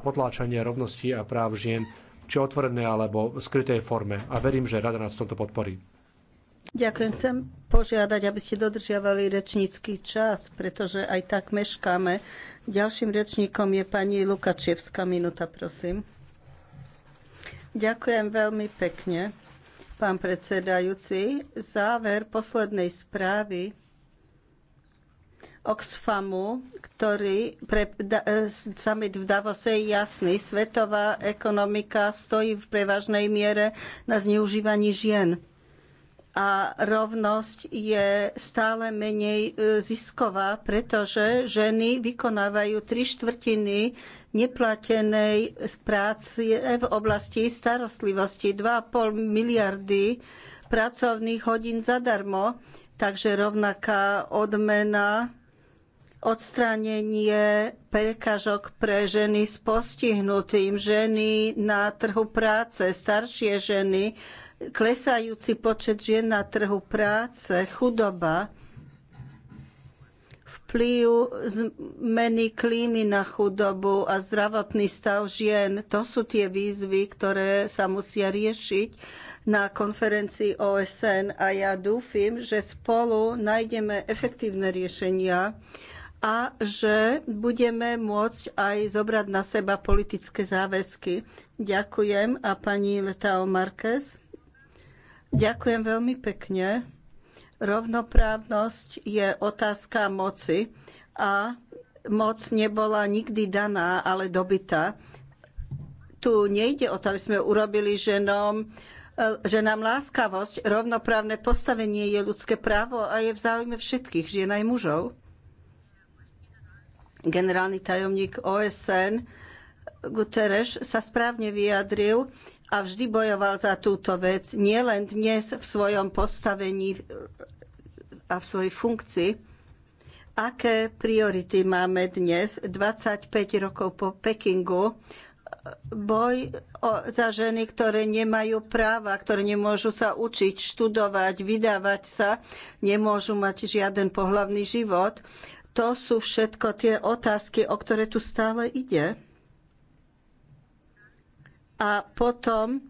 potláčanie rovnosti a práv žien, či otvorené alebo v skrytej forme. A verím, že rada nás v tomto podporí. Ďakujem. Chcem požiadať, aby ste dodržiavali rečnícky čas, pretože aj tak meškáme. Ďalším rečníkom je pani Lukačievská. Minúta, prosím. Ďakujem veľmi pekne, pán predsedajúci. Záver poslednej správy Oxfamu, ktorý pre e, summit v Davose je jasný. Svetová ekonomika stojí v prevažnej miere na zneužívaní žien. A rovnosť je stále menej e, zisková, pretože ženy vykonávajú tri štvrtiny neplatenej práce v oblasti starostlivosti. 2,5 miliardy pracovných hodín zadarmo, takže rovnaká odmena odstránenie prekážok pre ženy s postihnutým, ženy na trhu práce, staršie ženy, klesajúci počet žien na trhu práce, chudoba, vplyv zmeny klímy na chudobu a zdravotný stav žien. To sú tie výzvy, ktoré sa musia riešiť na konferencii OSN a ja dúfim, že spolu nájdeme efektívne riešenia a že budeme môcť aj zobrať na seba politické záväzky. Ďakujem a pani Letao Marquez. Ďakujem veľmi pekne. Rovnoprávnosť je otázka moci a moc nebola nikdy daná, ale dobytá. Tu nejde o to, aby sme urobili ženom nám láskavosť. Rovnoprávne postavenie je ľudské právo a je v záujme všetkých žien aj mužov generálny tajomník OSN Guterres sa správne vyjadril a vždy bojoval za túto vec, nielen dnes v svojom postavení a v svojej funkcii. Aké priority máme dnes, 25 rokov po Pekingu, boj za ženy, ktoré nemajú práva, ktoré nemôžu sa učiť, študovať, vydávať sa, nemôžu mať žiaden pohlavný život. To sú všetko tie otázky, o ktoré tu stále ide. A potom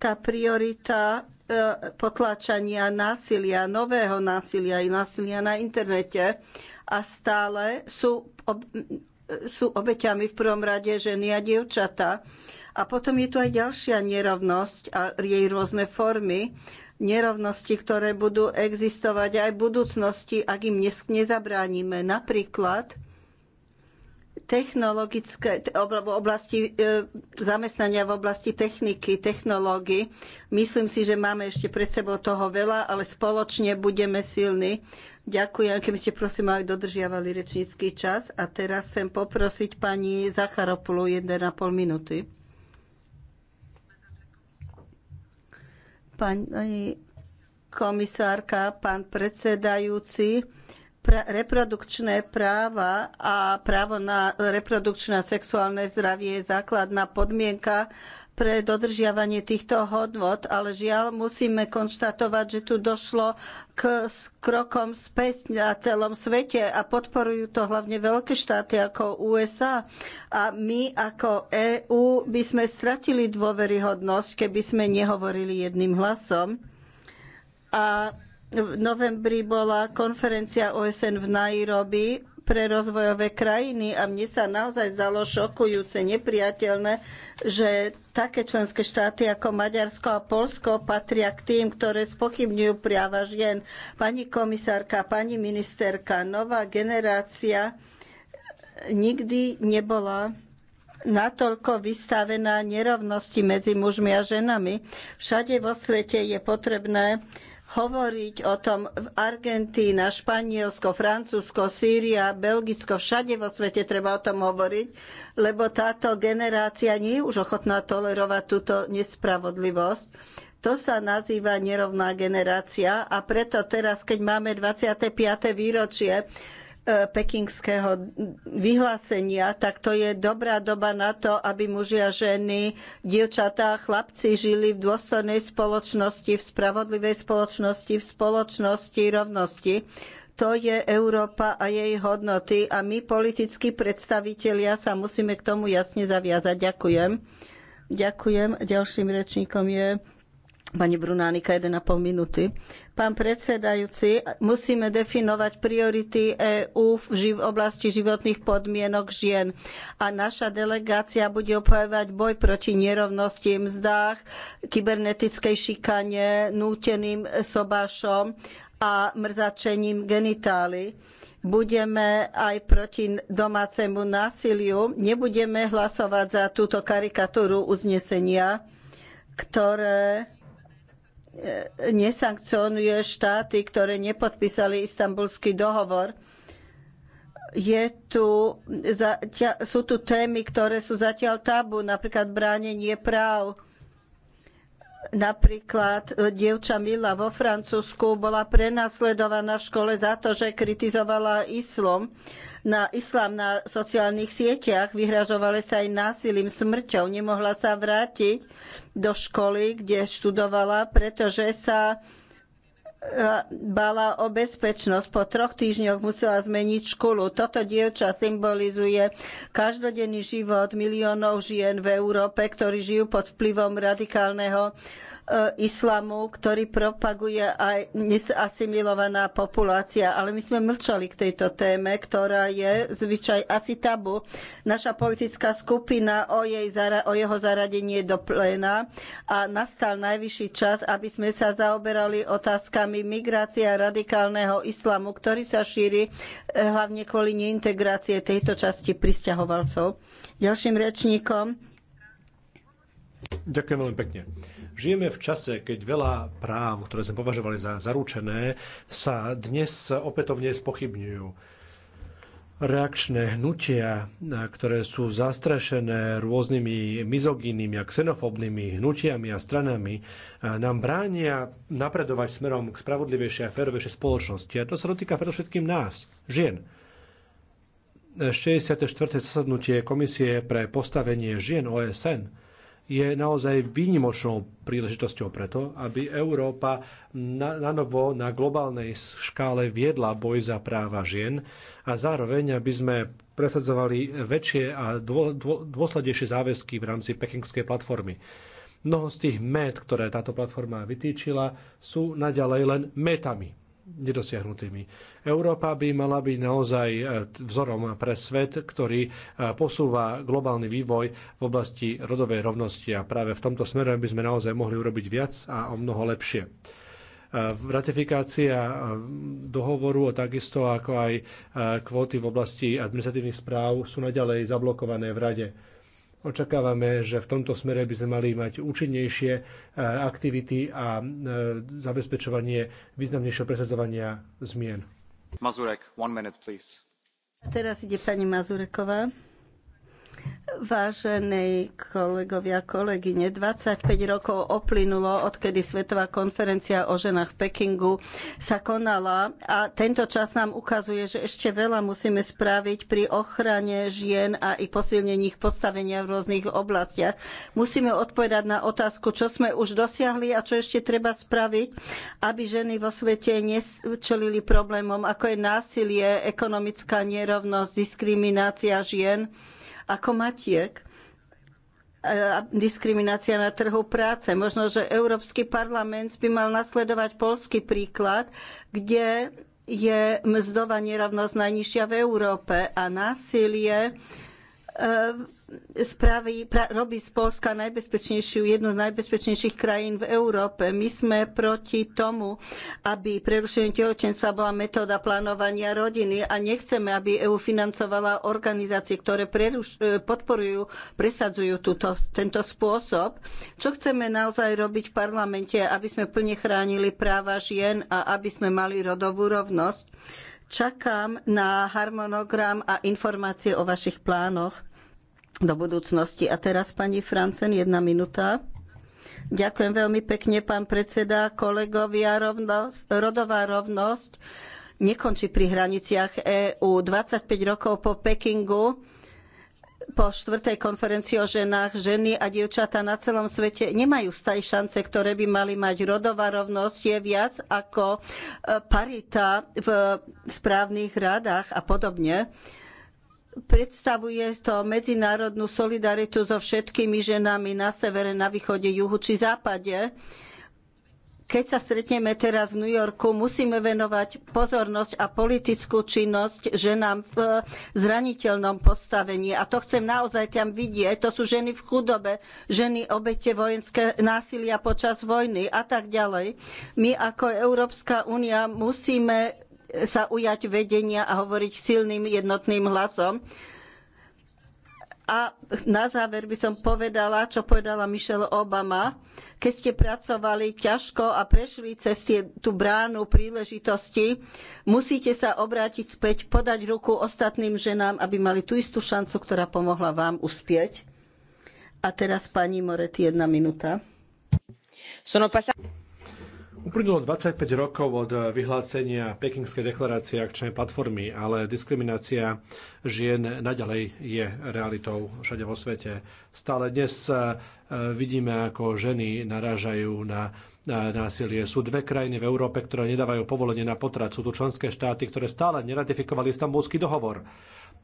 tá priorita e, potláčania násilia, nového násilia i násilia na internete a stále sú, ob, sú obeťami v prvom rade ženy a dievčata. A potom je tu aj ďalšia nerovnosť a jej rôzne formy nerovnosti, ktoré budú existovať aj v budúcnosti, ak im nezabránime. Napríklad technologické, oblasti, e, zamestnania v oblasti techniky, technológií. Myslím si, že máme ešte pred sebou toho veľa, ale spoločne budeme silní. Ďakujem, keby ste prosím aj dodržiavali rečnícky čas. A teraz chcem poprosiť pani Zacharopulu 1,5 minúty. Pani komisárka, pán predsedajúci, pra, reprodukčné práva a právo na reprodukčné a sexuálne zdravie je základná podmienka pre dodržiavanie týchto hodnot, ale žiaľ musíme konštatovať, že tu došlo k krokom späť na celom svete a podporujú to hlavne veľké štáty ako USA. A my ako EÚ by sme stratili dôveryhodnosť, keby sme nehovorili jedným hlasom. A v novembri bola konferencia OSN v Nairobi pre rozvojové krajiny a mne sa naozaj zdalo šokujúce, nepriateľné, že také členské štáty ako Maďarsko a Polsko patria k tým, ktoré spochybňujú práva žien. Pani komisárka, pani ministerka, nová generácia nikdy nebola natoľko vystavená nerovnosti medzi mužmi a ženami. Všade vo svete je potrebné hovoriť o tom v Argentína, Španielsko, Francúzsko, Sýria, Belgicko, všade vo svete treba o tom hovoriť, lebo táto generácia nie je už ochotná tolerovať túto nespravodlivosť. To sa nazýva nerovná generácia a preto teraz, keď máme 25. výročie E, pekingského vyhlásenia, tak to je dobrá doba na to, aby muži a ženy, dievčatá a chlapci žili v dôstojnej spoločnosti, v spravodlivej spoločnosti, v spoločnosti rovnosti. To je Európa a jej hodnoty a my, politickí predstavitelia, sa musíme k tomu jasne zaviazať. Ďakujem. Ďakujem. Ďalším rečníkom je pani Brunánika, 1,5 minúty. Pán predsedajúci, musíme definovať priority EÚ v oblasti životných podmienok žien. A naša delegácia bude opojevať boj proti nerovnosti v mzdách, kybernetickej šikane, núteným sobášom a mrzačením genitálií budeme aj proti domácemu násiliu, nebudeme hlasovať za túto karikatúru uznesenia, ktoré nesankcionuje štáty, ktoré nepodpísali istambulský dohovor. Je tu, sú tu témy, ktoré sú zatiaľ tabu, napríklad bránenie práv Napríklad e, dievča Mila vo Francúzsku bola prenasledovaná v škole za to, že kritizovala islom na islám na sociálnych sieťach, vyhražovali sa aj násilím, smrťou. Nemohla sa vrátiť do školy, kde študovala, pretože sa bala o bezpečnosť. Po troch týždňoch musela zmeniť školu. Toto dievča symbolizuje každodenný život miliónov žien v Európe, ktorí žijú pod vplyvom radikálneho Eh, islamu, ktorý propaguje aj asimilovaná populácia. Ale my sme mlčali k tejto téme, ktorá je zvyčaj asi tabu. Naša politická skupina o, jej, o jeho zaradenie do pléna a nastal najvyšší čas, aby sme sa zaoberali otázkami migrácie a radikálneho islamu, ktorý sa šíri eh, hlavne kvôli neintegrácie tejto časti pristahovalcov. Ďalším rečníkom. Ďakujem veľmi pekne. Žijeme v čase, keď veľa práv, ktoré sme považovali za zaručené, sa dnes opätovne spochybňujú reakčné hnutia, ktoré sú zastrašené rôznymi mizogínnymi a xenofobnými hnutiami a stranami, nám bránia napredovať smerom k spravodlivejšej a férovejšej spoločnosti. A to sa dotýka predovšetkým nás, žien. 64. zasadnutie Komisie pre postavenie žien OSN je naozaj výnimočnou príležitosťou preto, aby Európa na, na novo na globálnej škále viedla boj za práva žien a zároveň, aby sme presadzovali väčšie a dô, dô, dôslednejšie záväzky v rámci pekingskej platformy. Mnoho z tých met, ktoré táto platforma vytýčila, sú naďalej len metami nedosiahnutými. Európa by mala byť naozaj e, vzorom pre svet, ktorý e, posúva globálny vývoj v oblasti rodovej rovnosti a práve v tomto smere by sme naozaj mohli urobiť viac a o mnoho lepšie e, ratifikácia dohovoru, takisto ako aj kvóty v oblasti administratívnych správ sú naďalej zablokované v Rade Očakávame, že v tomto smere by sme mali mať účinnejšie e, aktivity a e, zabezpečovanie významnejšieho presadzovania zmien. Mazurek, one minute, please. A teraz ide pani Mazureková. Vážené kolegovia, kolegyne, 25 rokov oplynulo, odkedy Svetová konferencia o ženách v Pekingu sa konala a tento čas nám ukazuje, že ešte veľa musíme spraviť pri ochrane žien a i posilnení ich postavenia v rôznych oblastiach. Musíme odpovedať na otázku, čo sme už dosiahli a čo ešte treba spraviť, aby ženy vo svete nečelili problémom, ako je násilie, ekonomická nerovnosť, diskriminácia žien ako matiek e, a diskriminácia na trhu práce. Možno, že Európsky parlament by mal nasledovať polský príklad, kde je mzdová nerovnosť najnižšia v Európe a násilie E, spraví, pra, robí z Polska najbezpečnejšiu, jednu z najbezpečnejších krajín v Európe. My sme proti tomu, aby prerušenie tehotenstva bola metóda plánovania rodiny a nechceme, aby EÚ financovala organizácie, ktoré preruš, e, podporujú, presadzujú túto, tento spôsob. Čo chceme naozaj robiť v parlamente, aby sme plne chránili práva žien a aby sme mali rodovú rovnosť? Čakám na harmonogram a informácie o vašich plánoch do budúcnosti. A teraz pani Francen, jedna minúta. Ďakujem veľmi pekne, pán predseda, kolegovia, rovnosť, rodová rovnosť nekončí pri hraniciach EÚ. 25 rokov po Pekingu po štvrtej konferencii o ženách ženy a dievčatá na celom svete nemajú stať šance, ktoré by mali mať. Rodová rovnosť je viac ako e, parita v správnych radách a podobne. Predstavuje to medzinárodnú solidaritu so všetkými ženami na severe, na východe, juhu či západe. Uh, keď sa stretneme teraz v New Yorku, musíme venovať pozornosť a politickú činnosť ženám v eh, zraniteľnom postavení. A to chcem naozaj tam vidieť. To sú ženy v chudobe, ženy obete vojenské násilia počas vojny a tak ďalej. My ako Európska únia musíme sa ujať vedenia a hovoriť silným jednotným hlasom. A na záver by som povedala, čo povedala Michelle Obama. Keď ste pracovali ťažko a prešli cez tie, tú bránu príležitosti, musíte sa obrátiť späť, podať ruku ostatným ženám, aby mali tú istú šancu, ktorá pomohla vám uspieť. A teraz pani Moret, jedna minúta. Uplynulo 25 rokov od eh, vyhlásenia Pekingskej deklarácie akčnej platformy, ale diskriminácia žien naďalej je realitou všade vo svete. Stále dnes eh, eh, vidíme, ako ženy narážajú na násilie. Sú dve krajiny v Európe, ktoré nedávajú povolenie na potrat. Sú tu členské štáty, ktoré stále neratifikovali istambulský dohovor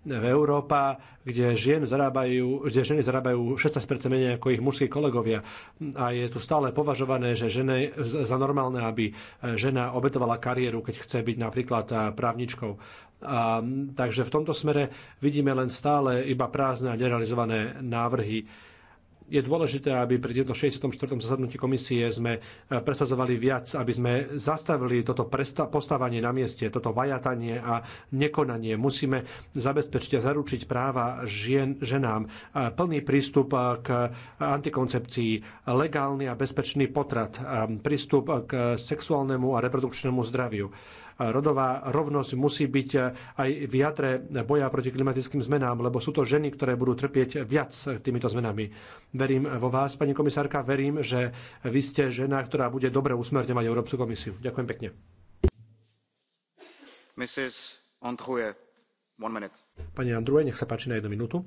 v Európa, kde, žien zarábajú, kde ženy zarábajú 16% menej ako ich mužskí kolegovia. A je tu stále považované, že žene, za normálne, aby žena obetovala kariéru, keď chce byť napríklad právničkou. A, takže v tomto smere vidíme len stále iba prázdne a nerealizované návrhy je dôležité, aby pri tieto 64. zasadnutí komisie sme e, presazovali viac, aby sme zastavili toto postávanie na mieste, toto vajatanie a nekonanie. Musíme zabezpečiť a zaručiť práva žien, ženám, e, plný prístup e, k antikoncepcii, legálny a bezpečný potrat, prístup k sexuálnemu a reprodukčnému zdraviu rodová rovnosť musí byť eh, aj v jadre boja proti klimatickým zmenám, lebo sú to ženy, ktoré budú trpieť viac eh, týmito zmenami. Verím vo vás, pani komisárka, verím, že vy ste žena, ktorá bude dobre usmerňovať Európsku komisiu. Ďakujem pekne. Mrs. Andruje, one minute. Pani Andruje, nech sa páči na jednu minútu.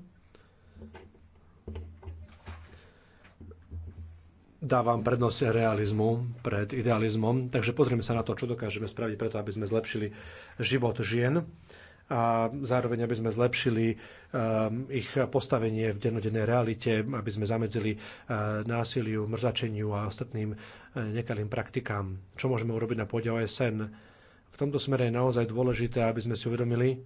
dávam prednosť realizmu pred idealizmom, takže pozrieme sa na to, čo dokážeme spraviť preto, aby sme zlepšili život žien a zároveň, aby sme zlepšili eh, ich postavenie v dennodennej realite, aby sme zamedzili eh, násiliu, mrzačeniu a ostatným eh, nekalým praktikám. Čo môžeme urobiť na pôde OSN? V tomto smere je naozaj dôležité, aby sme si uvedomili,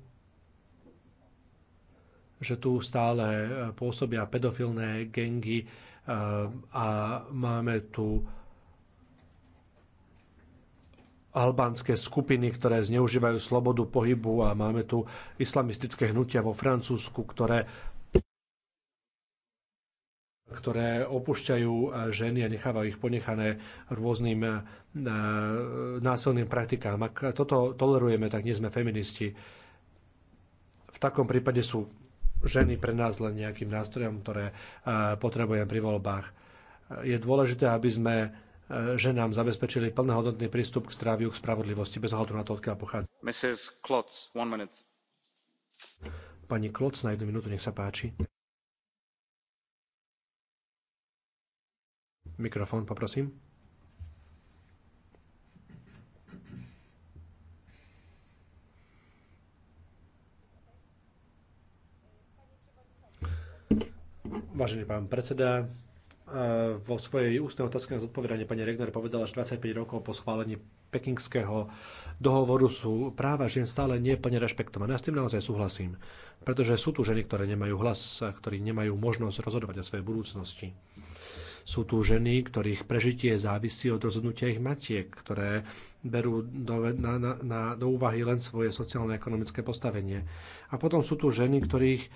že tu stále pôsobia pedofilné gengy, Ehm, a máme tu albánske skupiny, ktoré zneužívajú slobodu pohybu a máme tu islamistické hnutia vo Francúzsku, ktoré ktoré opúšťajú e, ženy a nechávajú ich ponechané rôznym e, násilným praktikám. Ak toto tolerujeme, tak nie sme feministi. V takom prípade sú ženy pre nás len nejakým nástrojom, ktoré e, potrebujeme pri voľbách. Je dôležité, aby sme e, ženám zabezpečili plnohodnotný prístup k zdraviu, k spravodlivosti, bez ohľadu na to, odkiaľ pochádza. Mrs. Klotz, one minute. Pani Klotz, na jednu minútu, nech sa páči. Mikrofón, poprosím. Vážený pán predseda, e, vo svojej ústnej otázke na zodpovedanie pani Regner povedala, že 25 rokov po schválení pekingského dohovoru sú práva žien stále neplne rešpektované. Ja s tým naozaj súhlasím, pretože sú tu ženy, ktoré nemajú hlas, ktorí nemajú možnosť rozhodovať o svojej budúcnosti. Sú tu ženy, ktorých prežitie závisí od rozhodnutia ich matiek, ktoré berú do, na, na, na, do úvahy len svoje sociálne a ekonomické postavenie. A potom sú tu ženy, ktorých e,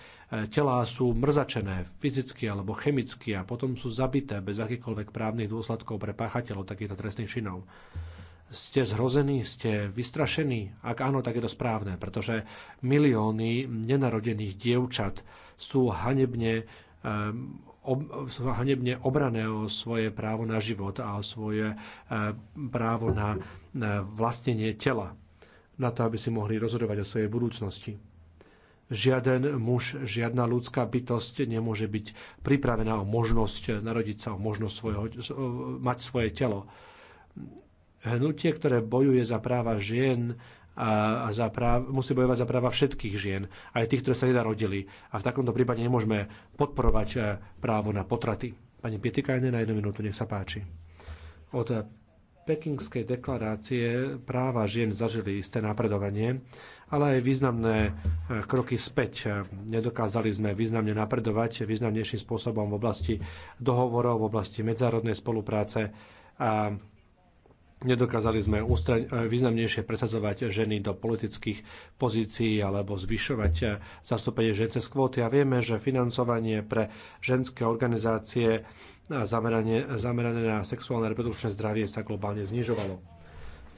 telá sú mrzačené fyzicky alebo chemicky a potom sú zabité bez akýchkoľvek právnych dôsledkov pre páchateľov takýchto trestných činov ste zhrození, ste vystrašení? Ak áno, tak je to správne, pretože milióny nenarodených dievčat sú hanebne e, ob, hanebne obrané o svoje právo na život a o svoje e, právo na, na vlastnenie tela, na to, aby si mohli rozhodovať o svojej budúcnosti. Žiaden muž, žiadna ľudská bytosť nemôže byť pripravená o možnosť narodiť sa, o možnosť svojho, mať svoje telo. Hnutie, ktoré bojuje za práva žien, a za práv, musí bojovať za práva všetkých žien, aj tých, ktoré sa nedarodili. A v takomto prípade nemôžeme podporovať e, právo na potraty. Pani Pietikajne, na jednu minútu, nech sa páči. Od pekingskej deklarácie práva žien zažili isté napredovanie, ale aj významné e, kroky späť. Nedokázali sme významne napredovať významnejším spôsobom v oblasti dohovorov, v oblasti medzárodnej spolupráce a Nedokázali sme e, významnejšie presadzovať ženy do politických pozícií alebo zvyšovať e, zastúpenie žen cez kvóty. A vieme, že financovanie pre ženské organizácie e, zamerané, zamerané na sexuálne reprodukčné zdravie sa globálne znižovalo.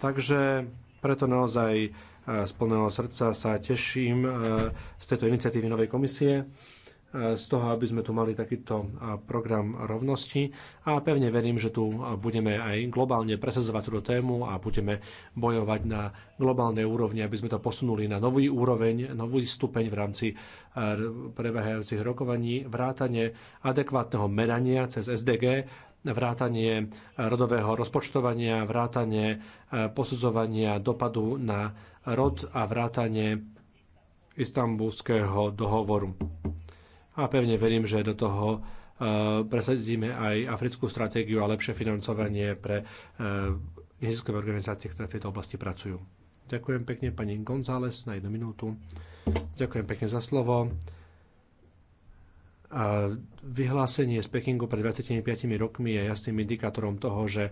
Takže preto naozaj z plného srdca sa teším z tejto iniciatívy novej komisie z toho, aby sme tu mali takýto program rovnosti a pevne verím, že tu budeme aj globálne presadzovať túto tému a budeme bojovať na globálnej úrovni, aby sme to posunuli na nový úroveň, nový stupeň v rámci prebehajúcich rokovaní, vrátanie adekvátneho merania cez SDG, vrátanie rodového rozpočtovania, vrátanie posudzovania dopadu na rod a vrátanie istambulského dohovoru a pevne verím, že do toho e, presadíme aj africkú stratégiu a lepšie financovanie pre e, neziskové organizácie, ktoré v tejto oblasti pracujú. Ďakujem pekne pani González na jednu minútu. Ďakujem pekne za slovo. A vyhlásenie z Pekingu pred 25 rokmi je jasným indikátorom toho, že e,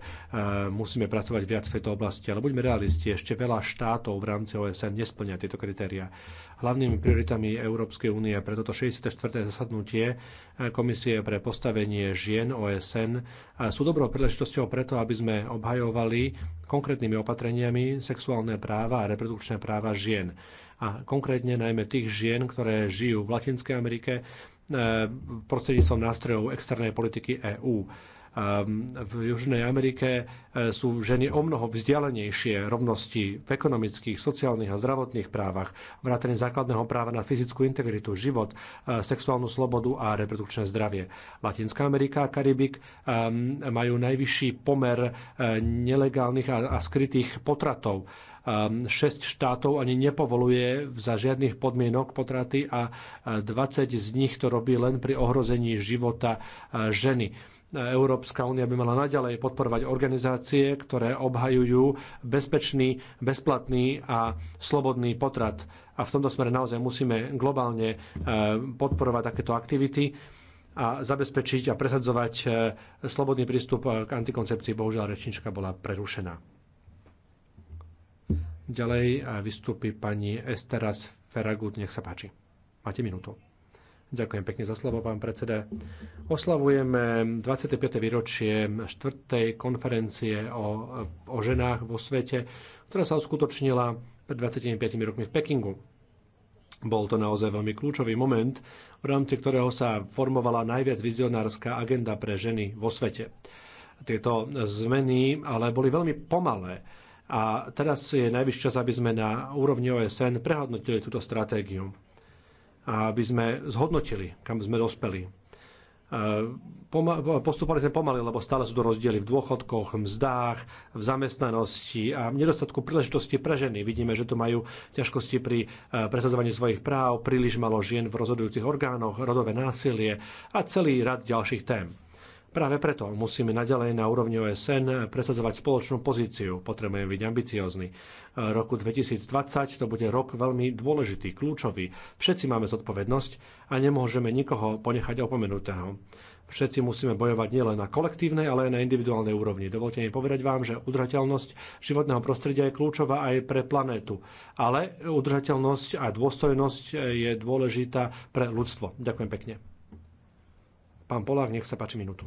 musíme pracovať viac v tejto oblasti. Ale buďme realisti, ešte veľa štátov v rámci OSN nesplňa tieto kritéria. Hlavnými prioritami Európskej únie pre toto 64. zasadnutie e, Komisie pre postavenie žien OSN e, sú dobrou príležitosťou preto, aby sme obhajovali konkrétnymi opatreniami sexuálne práva a reprodukčné práva žien a konkrétne najmä tých žien, ktoré žijú v Latinskej Amerike, Eh, prostredníctvom nástrojov externej politiky EÚ ehm, v Južnej Amerike eh, sú ženy o mnoho vzdialenejšie rovnosti v ekonomických, sociálnych a zdravotných právach, vrátane základného práva na fyzickú integritu, život, eh, sexuálnu slobodu a reprodukčné zdravie. Latinská Amerika a Karibik ehm, majú najvyšší pomer nelegálnych a skrytých potratov 6 ehm, štátov ani nepovoluje za žiadnych podmienok potraty a 20 z nich to robí len pri ohrození života e, ženy. E, Európska únia by mala naďalej podporovať organizácie, ktoré obhajujú bezpečný, bezplatný a slobodný potrat. A v tomto smere naozaj musíme globálne e, podporovať takéto aktivity a zabezpečiť a presadzovať slobodný prístup k antikoncepcii. Bohužiaľ, rečnička bola prerušená. Ďalej vystúpi pani Esteras Feragut, nech sa páči. Máte minútu. Ďakujem pekne za slovo, pán predseda. Oslavujeme 25. výročie 4. konferencie o, o ženách vo svete, ktorá sa uskutočnila pred 25 rokmi v Pekingu. Bol to naozaj veľmi kľúčový moment, v rámci ktorého sa formovala najviac vizionárska agenda pre ženy vo svete. Tieto zmeny ale boli veľmi pomalé a teraz je najvyšší čas, aby sme na úrovni OSN prehodnotili túto stratégiu. A aby sme zhodnotili, kam sme dospeli. E, postupali sme pomaly, lebo stále sú to rozdiely v dôchodkoch, mzdách, v zamestnanosti a v nedostatku príležitosti pre ženy. Vidíme, že to majú ťažkosti pri e, presadzovaní svojich práv, príliš malo žien v rozhodujúcich orgánoch, rodové násilie a celý rad ďalších tém. Práve preto musíme naďalej na úrovni OSN presadzovať spoločnú pozíciu. Potrebujeme byť ambiciózni. Roku 2020 to bude rok veľmi dôležitý, kľúčový. Všetci máme zodpovednosť a nemôžeme nikoho ponechať opomenutého. Všetci musíme bojovať nielen na kolektívnej, ale aj na individuálnej úrovni. Dovolte mi povedať vám, že udržateľnosť životného prostredia je kľúčová aj pre planétu. Ale udržateľnosť a dôstojnosť je dôležitá pre ľudstvo. Ďakujem pekne. Pán Polák, nech sa páči minútu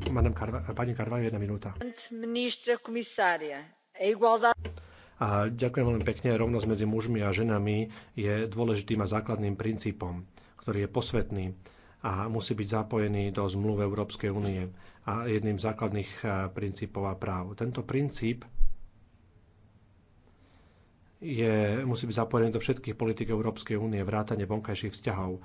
Eh, pani Karvajo, jedna minúta. ďakujem veľmi pekne. Rovnosť medzi mužmi a ženami je dôležitým a základným princípom, ktorý je posvetný a musí byť zapojený do zmluv Európskej únie a jedným z základných eh, princípov a práv. Tento princíp je, musí byť zapojený do všetkých politik Európskej únie, vrátane vonkajších vzťahov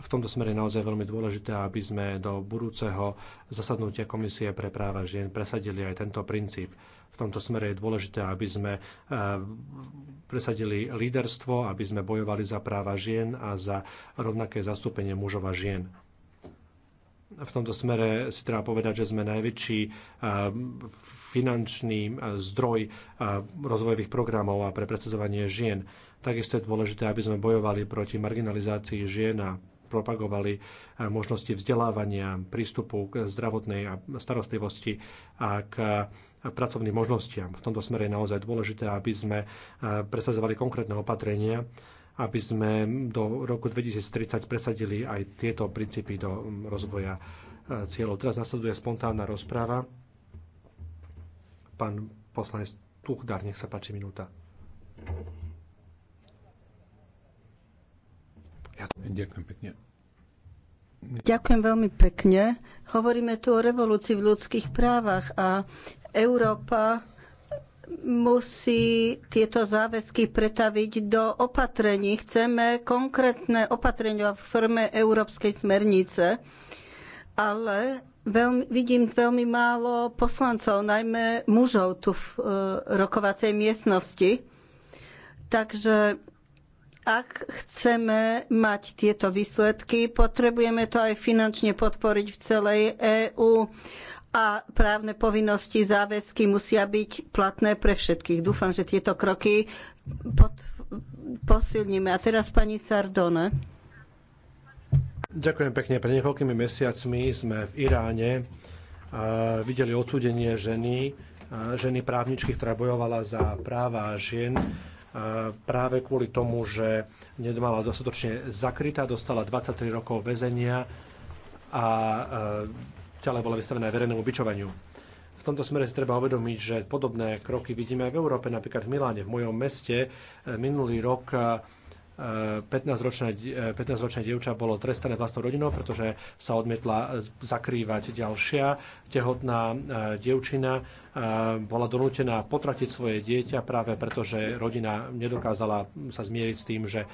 v tomto smere je naozaj veľmi dôležité, aby sme do budúceho zasadnutia Komisie pre práva žien presadili aj tento princíp. V tomto smere je dôležité, aby sme eh, presadili líderstvo, aby sme bojovali za práva žien a za rovnaké zastúpenie mužov a žien. V tomto smere si treba povedať, že sme najväčší eh, finančný eh, zdroj rozvojových programov a pre presadzovanie žien. Takisto je dôležité, aby sme bojovali proti marginalizácii žien a propagovali e, možnosti vzdelávania, prístupu k zdravotnej a starostlivosti a k pracovným možnostiam. V tomto smere je naozaj dôležité, aby sme e, presadzovali konkrétne opatrenia, aby sme do roku 2030 presadili aj tieto princípy do rozvoja e, cieľov. Teraz nasleduje spontánna rozpráva. Pán poslanec Tuchdar, nech sa páči minúta. Ďakujem pekne. Ďakujem veľmi pekne. Hovoríme tu o revolúcii v ľudských právach a Európa musí tieto záväzky pretaviť do opatrení. Chceme konkrétne opatrenia v forme Európskej smernice, ale veľmi, vidím veľmi málo poslancov, najmä mužov tu v e, rokovacej miestnosti. Takže ak chceme mať tieto výsledky, potrebujeme to aj finančne podporiť v celej EÚ a právne povinnosti, záväzky musia byť platné pre všetkých. Dúfam, že tieto kroky pod, posilníme. A teraz pani Sardone. Ďakujem pekne. Pred niekoľkými mesiacmi sme v Iráne videli odsúdenie ženy, ženy právničky, ktorá bojovala za práva žien práve kvôli tomu, že nemala dostatočne zakrytá, dostala 23 rokov väzenia a e, ďalej bola vystavená verejnému bičovaniu. V tomto smere si treba uvedomiť, že podobné kroky vidíme aj v Európe, napríklad v Miláne, v mojom meste. E, minulý rok 15 ročná 15, dievča bolo trestané vlastnou rodinou, pretože sa odmietla zakrývať ďalšia tehotná e, dievčina bola donútená potratiť svoje dieťa práve preto, že rodina nedokázala sa zmieriť s tým, že eh,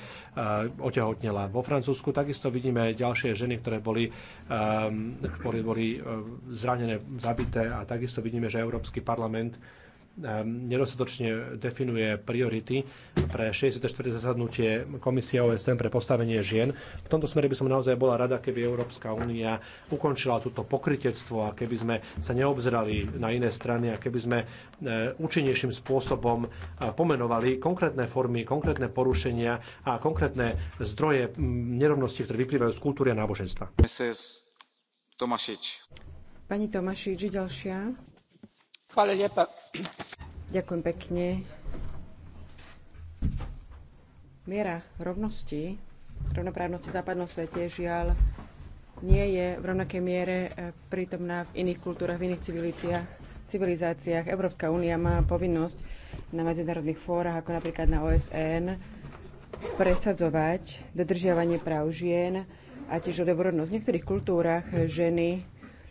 otehotnela. Vo Francúzsku takisto vidíme ďalšie ženy, ktoré boli, eh, ktoré boli eh, zranené, zabité a takisto vidíme, že Európsky parlament Ehm, nedostatočne definuje priority pre 64. zasadnutie Komisie OSN pre postavenie žien. V tomto smere by som naozaj bola rada, keby Európska únia ukončila túto pokritectvo a keby sme sa neobzerali na iné strany a keby sme eh, účinnejším spôsobom eh, pomenovali konkrétne formy, konkrétne porušenia a konkrétne zdroje hm, nerovnosti, ktoré vyplývajú z kultúry a náboženstva. Pani Tomašič, ďalšia. Ďakujem pekne. Miera rovnosti, rovnoprávnosti v západnom svete žiaľ nie je v rovnakej miere eh, prítomná v iných kultúrach, v iných civilizáciách. Európska únia má povinnosť na medzinárodných fórach, ako napríklad na OSN, presadzovať dodržiavanie práv žien a tiež odbornosť. V niektorých kultúrach ženy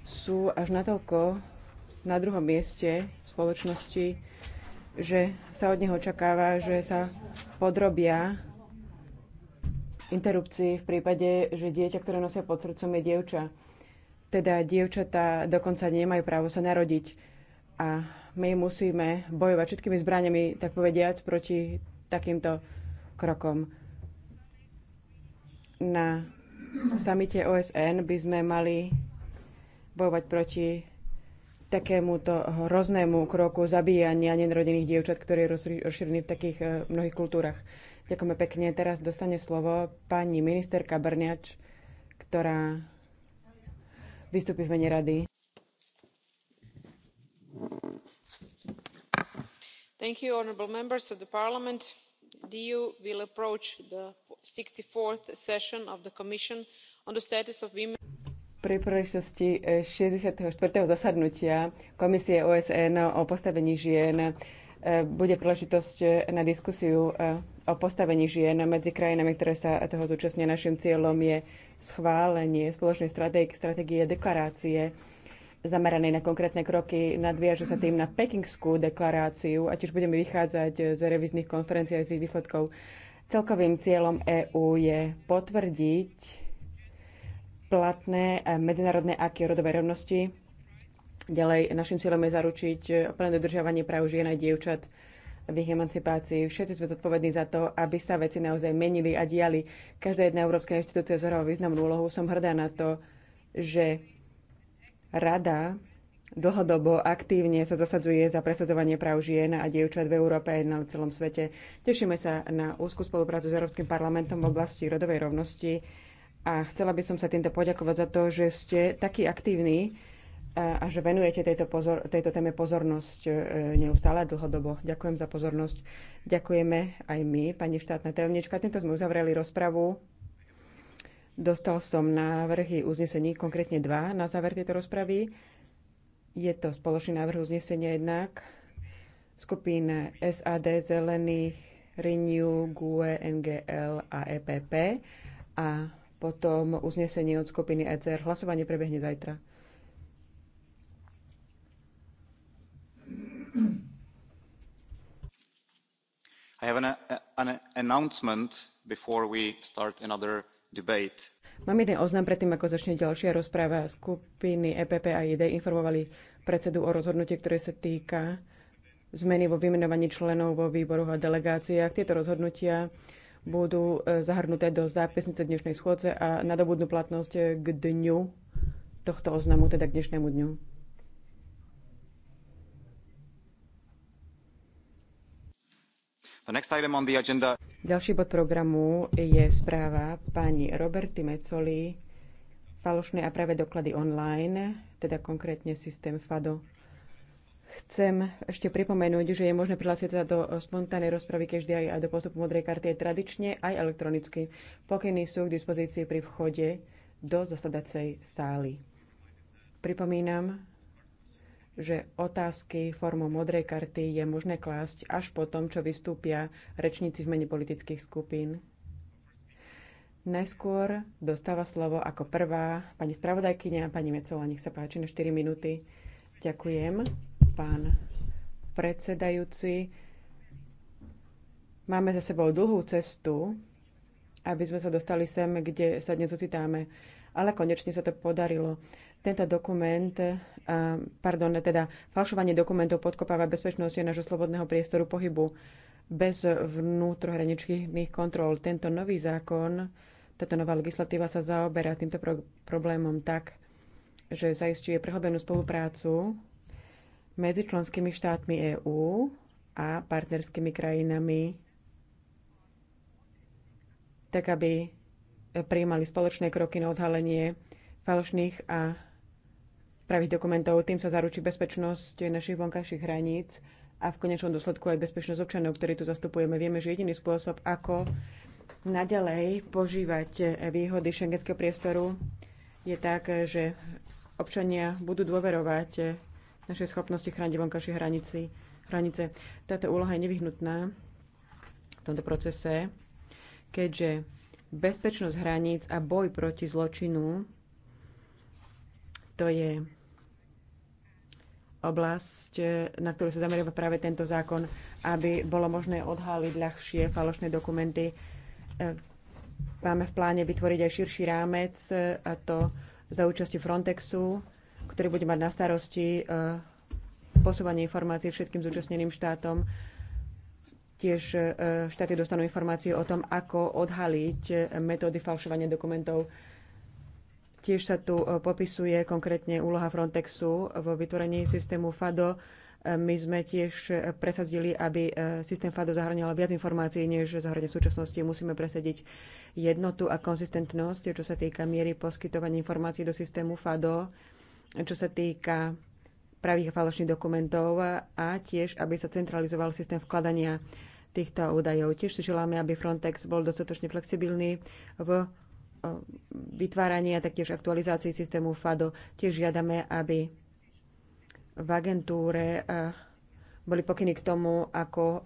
sú až natoľko na druhom mieste v spoločnosti, že sa od neho očakáva, že sa podrobia interrupcii v prípade, že dieťa, ktoré nosia pod srdcom, je dievča. Teda dievčatá dokonca nemajú právo sa narodiť. A my musíme bojovať všetkými zbraniami, tak povediac, proti takýmto krokom. Na samite OSN by sme mali bojovať proti takémuto hroznému kroku zabíjania nenarodených dievčat, ktorý je rozšírený v takých eh, mnohých kultúrach. Ďakujeme pekne. Teraz dostane slovo pani ministerka Brňač, ktorá vystúpi v mene rady. Thank you, honorable members of the parliament. The EU will approach the 64th session of the Commission on the status of women pri príležitosti 64. Eh, zasadnutia Komisie OSN o postavení žien eh, bude príležitosť eh, na diskusiu o postavení žien medzi krajinami, ktoré sa toho zúčastnia. Našim cieľom je schválenie spoločnej stratégie deklarácie zameranej na konkrétne kroky. Nadviažu sa tým na pekingskú deklaráciu a tiež budeme vychádzať z revizných konferencií a z ich výsledkov. Celkovým cieľom EÚ je potvrdiť platné eh, medzinárodné aky rodovej rovnosti. Ďalej, našim cieľom je zaručiť eh, plné dodržiavanie práv žien a dievčat v ich emancipácii. Všetci sme zodpovední za to, aby sa veci naozaj menili a diali. Každá jedna európska inštitúcia zohráva významnú úlohu. Som hrdá na to, že rada dlhodobo aktívne sa zasadzuje za presadzovanie práv žien a dievčat v Európe a na celom svete. Tešíme sa na úzkú spoluprácu s Európskym parlamentom v oblasti rodovej rovnosti a chcela by som sa týmto poďakovať za to, že ste takí aktívni a, e, a že venujete tejto, pozor, tejto téme pozornosť e, neustále a dlhodobo. Ďakujem za pozornosť. Ďakujeme aj my, pani štátna tajomnička. Týmto sme uzavreli rozpravu. Dostal som návrhy uznesení, konkrétne dva na záver tejto rozpravy. Je to spoločný návrh uznesenia jednak skupín SAD, Zelených, Renew, GUE, NGL a EPP. A potom uznesenie od skupiny ECR. Hlasovanie prebehne zajtra. I have an, an announcement before we start another debate. Mám jeden oznam predtým, ako začne ďalšia rozpráva. Skupiny EPP a ID informovali predsedu o rozhodnutie, ktoré sa týka zmeny vo vymenovaní členov vo výboroch a delegáciách. Tieto rozhodnutia budú e, zahrnuté do zápisnice dnešnej schôdze a nadobudnú platnosť k dňu tohto oznamu, teda k dnešnému dňu. Ďalší bod programu je správa pani Roberty Mecoli, falošné a práve doklady online, teda konkrétne systém FADO. Chcem ešte pripomenúť, že je možné prihlásiť sa do spontánnej rozpravy každý aj, do postupu modrej karty aj tradične, aj elektronicky. Pokyny sú k dispozícii pri vchode do zasadacej sály. Pripomínam, že otázky formou modrej karty je možné klásť až po tom, čo vystúpia rečníci v mene politických skupín. Najskôr dostáva slovo ako prvá pani spravodajkyňa, pani Mecola, nech sa páči na 4 minúty. Ďakujem pán predsedajúci. Máme za sebou dlhú cestu, aby sme sa dostali sem, kde sa dnes ocitáme. Ale konečne sa to podarilo. Tento dokument, pardon, teda falšovanie dokumentov podkopáva bezpečnosť nášho slobodného priestoru pohybu bez vnútrohraničných kontrol. Tento nový zákon, táto nová legislatíva sa zaoberá týmto problémom tak, že zaistuje prehlbenú spoluprácu medzi členskými štátmi EÚ a partnerskými krajinami, tak aby prijímali spoločné kroky na odhalenie falošných a pravých dokumentov. Tým sa zaručí bezpečnosť našich vonkajších hraníc a v konečnom dôsledku aj bezpečnosť občanov, ktorí tu zastupujeme. Vieme, že jediný spôsob, ako naďalej požívať výhody šengenského priestoru, je tak, že občania budú dôverovať našej schopnosti chrániť vonkajšie hranici, hranice. Táto úloha je nevyhnutná v tomto procese, keďže bezpečnosť hraníc a boj proti zločinu to je oblasť, na ktorú sa zameriava práve tento zákon, aby bolo možné odháliť ľahšie falošné dokumenty. Máme v pláne vytvoriť aj širší rámec, a to za účasti Frontexu, ktorý bude mať na starosti e, posúvanie informácií všetkým zúčastneným štátom. Tiež e, štáty dostanú informácie o tom, ako odhaliť e, metódy falšovania dokumentov. Tiež sa tu popisuje konkrétne úloha Frontexu vo vytvorení systému FADO. My sme tiež presadili, aby systém FADO zahrňal viac informácií, než zahrňa v súčasnosti. Musíme presadiť jednotu a konzistentnosť, čo sa týka miery poskytovania informácií do systému FADO čo sa týka pravých a falošných dokumentov a tiež, aby sa centralizoval systém vkladania týchto údajov. Tiež si želáme, aby Frontex bol dostatočne flexibilný v vytváraní a taktiež aktualizácii systému FADO. Tiež žiadame, aby v agentúre e, boli pokyny k tomu, ako e,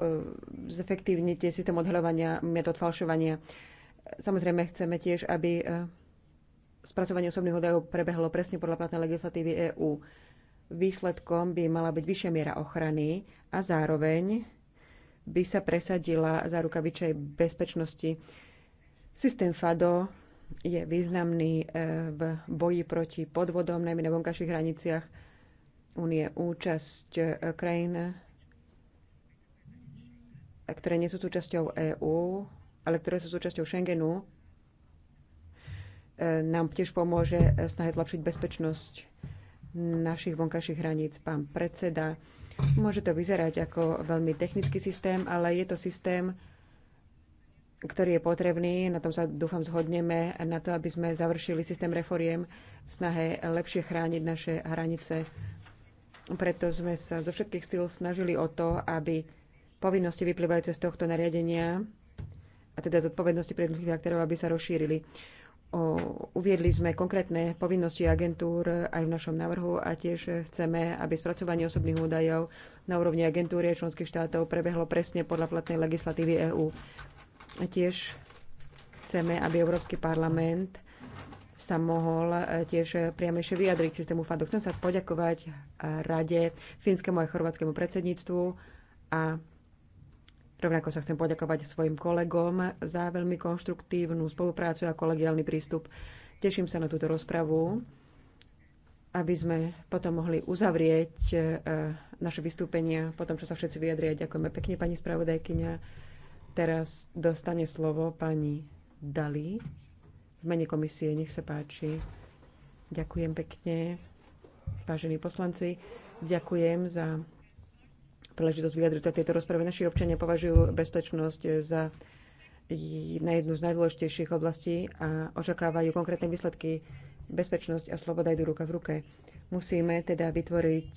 zefektívniť systém odhľovania metód falšovania. Samozrejme, chceme tiež, aby e, spracovanie osobných údajov prebehlo presne podľa platnej legislatívy EÚ. Výsledkom by mala byť vyššia miera ochrany a zároveň by sa presadila záruka vyššej bezpečnosti. Systém FADO je významný e, v boji proti podvodom, najmä na vonkajších hraniciach únie. Účasť e, krajín, e, ktoré nie sú súčasťou EÚ, ale ktoré sú súčasťou Schengenu, nám tiež pomôže e, snahe zlepšiť bezpečnosť našich vonkajších hraníc. Pán predseda, môže to vyzerať ako veľmi technický systém, ale je to systém, ktorý je potrebný, na tom sa dúfam zhodneme, na to, aby sme završili systém reforiem v snahe lepšie chrániť naše hranice. Preto sme sa zo všetkých síl snažili o to, aby povinnosti vyplývajúce z tohto nariadenia, a teda zodpovednosti pre jednotlivých aktérov, aby sa rozšírili. Uviedli sme konkrétne povinnosti agentúr aj v našom návrhu a tiež chceme, aby spracovanie osobných údajov na úrovni agentúry členských štátov prebehlo presne podľa platnej legislatívy EÚ. A tiež chceme, aby Európsky parlament sa mohol e, tiež priamejšie vyjadriť k systému FADO. Chcem sa poďakovať Rade, fínskemu aj Chorvátskemu predsedníctvu a Rovnako sa chcem poďakovať svojim kolegom za veľmi konštruktívnu spoluprácu a kolegiálny prístup. Teším sa na túto rozpravu, aby sme potom mohli uzavrieť e, naše vystúpenia, potom čo sa všetci vyjadria. Ďakujeme pekne, pani spravodajkyňa. Teraz dostane slovo pani Dali v mene komisie. Nech sa páči. Ďakujem pekne, vážení poslanci. Ďakujem za príležitosť vyjadriť sa tejto rozprave. Naši občania považujú bezpečnosť za na jednu z najdôležitejších oblastí a očakávajú konkrétne výsledky. Bezpečnosť a sloboda idú ruka v ruke. Musíme teda vytvoriť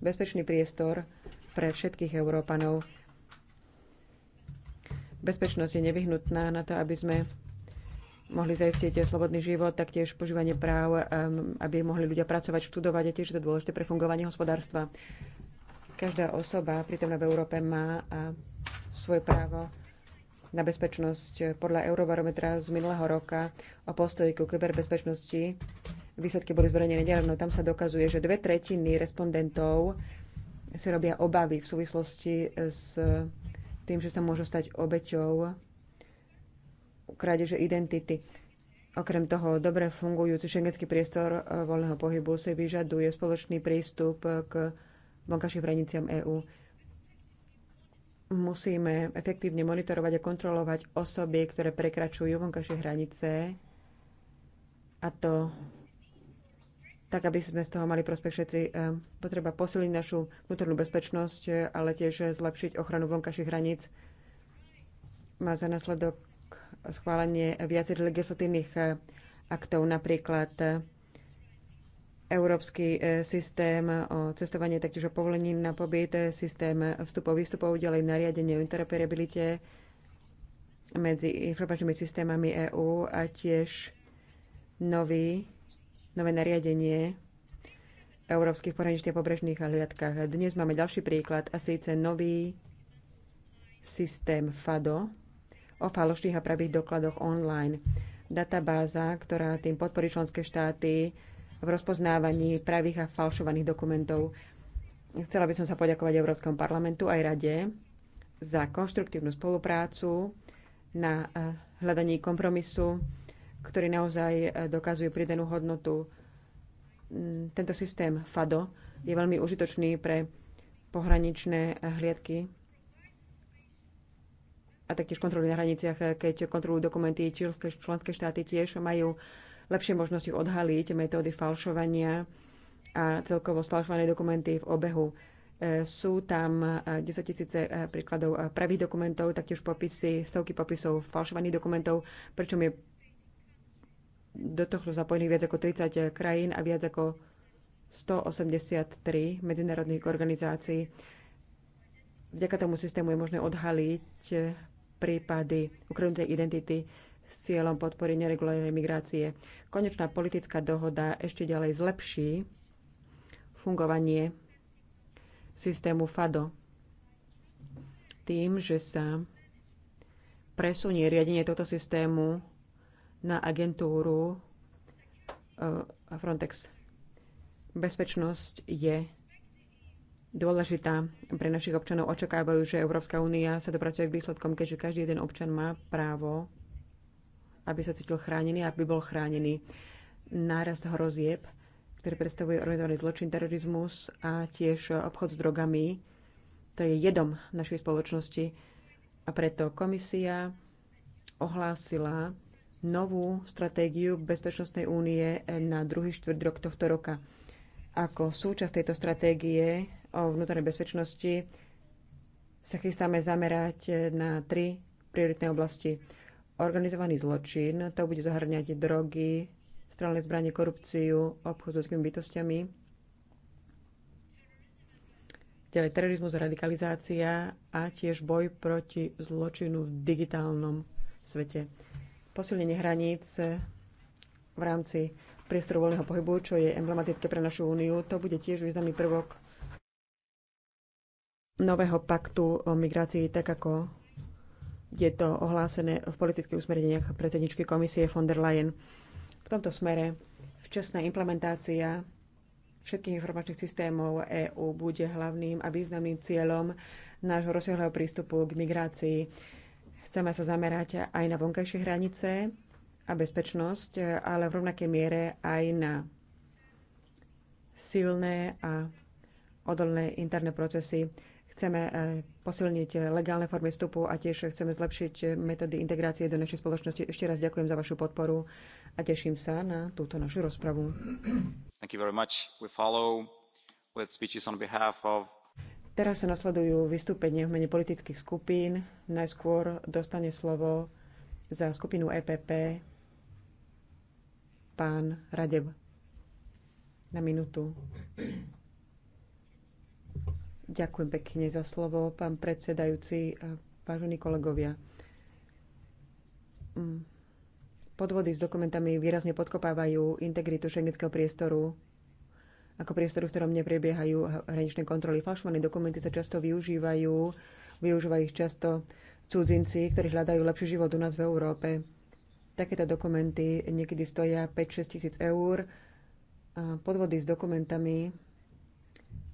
bezpečný priestor pre všetkých Európanov. Bezpečnosť je nevyhnutná na to, aby sme mohli zaistiť slobodný život, taktiež požívanie práv, um, aby mohli ľudia pracovať, študovať a tiež je to dôležité pre fungovanie hospodárstva. Každá osoba prítomná v Európe má svoje právo na bezpečnosť. Podľa Eurobarometra z minulého roka o postoji ku kyberbezpečnosti výsledky boli zverejnené nedávno. Tam sa dokazuje, že dve tretiny respondentov si robia obavy v súvislosti s tým, že sa môžu stať obeťou krádeže identity. Okrem toho, dobre fungujúci šengenský priestor eh, voľného pohybu si vyžaduje spoločný prístup k vonkajším hraniciam EÚ. Musíme efektívne monitorovať a kontrolovať osoby, ktoré prekračujú vonkajšie hranice a to tak, aby sme z toho mali prospech všetci. E, potreba posiliť našu vnútornú bezpečnosť, e, ale tiež zlepšiť ochranu vonkajších hraníc. Má za následok schválenie viacerých legislatívnych e, aktov, napríklad európsky e, systém e, o cestovanie, taktiež o povolení na pobyt, e, systém vstupov, výstupov, ďalej nariadenie o interoperabilite medzi informačnými systémami EÚ a tiež nový, nové nariadenie európskych pohraničných pobrežných hliadkách. Dnes máme ďalší príklad a síce nový systém FADO o falošných a pravých dokladoch online. Databáza, ktorá tým podporí členské štáty v rozpoznávaní pravých a falšovaných dokumentov. Chcela by som sa poďakovať Európskom parlamentu aj Rade za konštruktívnu spoluprácu na eh, hľadaní kompromisu, ktorý naozaj eh, dokazuje pridanú hodnotu. Mm, tento systém FADO je veľmi užitočný pre pohraničné eh, hliadky a taktiež kontroly na hraniciach, keď kontrolujú dokumenty členské, členské štáty tiež majú lepšie možnosti odhaliť metódy falšovania a celkovo sfalšované dokumenty v obehu. E, sú tam 10 e, tisíce e, príkladov pravých dokumentov, taktiež popisy, stovky popisov falšovaných dokumentov, pričom je do tohto zapojených viac ako 30 krajín a viac ako 183 medzinárodných organizácií. Vďaka tomu systému je možné odhaliť prípady ukradnutej identity s cieľom podpory neregulárnej migrácie. Konečná politická dohoda ešte ďalej zlepší fungovanie systému FADO tým, že sa presunie riadenie tohto systému na agentúru eh, Frontex. Bezpečnosť je dôležitá pre našich občanov. Očakávajú, že Európska únia sa dopracuje k výsledkom, keďže každý jeden občan má právo aby sa cítil chránený, aby bol chránený. Nárast hrozieb, ktorý predstavuje organizovaný zločin, terorizmus a tiež obchod s drogami, to je jedom našej spoločnosti. A preto komisia ohlásila novú stratégiu Bezpečnostnej únie na druhý štvrt rok tohto roka. Ako súčasť tejto stratégie o vnútornej bezpečnosti sa chystáme zamerať na tri prioritné oblasti organizovaný zločin, to bude zahrňať drogy, strelné zbranie, korupciu, obchod s ľudskými bytostiami, ďalej terorizmus, radikalizácia a tiež boj proti zločinu v digitálnom svete. Posilnenie hraníc v rámci priestoru voľného pohybu, čo je emblematické pre našu úniu, to bude tiež významný prvok nového paktu o migrácii, tak ako je to ohlásené v politických usmereniach predsedničky komisie von der Leyen. V tomto smere včasná implementácia všetkých informačných systémov EÚ bude hlavným a významným cieľom nášho rozsiahleho prístupu k migrácii. Chceme sa zamerať aj na vonkajšie hranice a bezpečnosť, ale v rovnakej miere aj na silné a odolné interné procesy. Chceme eh, posilniť legálne formy vstupu a tiež chceme zlepšiť metódy integrácie do našej spoločnosti. Ešte raz ďakujem za vašu podporu a teším sa na túto našu rozpravu. Thank you very much. We follow with speeches on behalf of Teraz sa nasledujú vystúpenie v mene politických skupín. Najskôr dostane slovo za skupinu EPP pán Radeb na minútu. Ďakujem pekne za slovo, pán predsedajúci, vážení kolegovia. Mm, podvody s dokumentami výrazne podkopávajú integritu šengenského priestoru ako priestoru, v ktorom neprebiehajú hraničné kontroly. Falšované dokumenty sa často využívajú, využívajú ich často cudzinci, ktorí hľadajú lepší život u nás v Európe. Takéto dokumenty niekedy stoja 5-6 tisíc eur. Podvody s dokumentami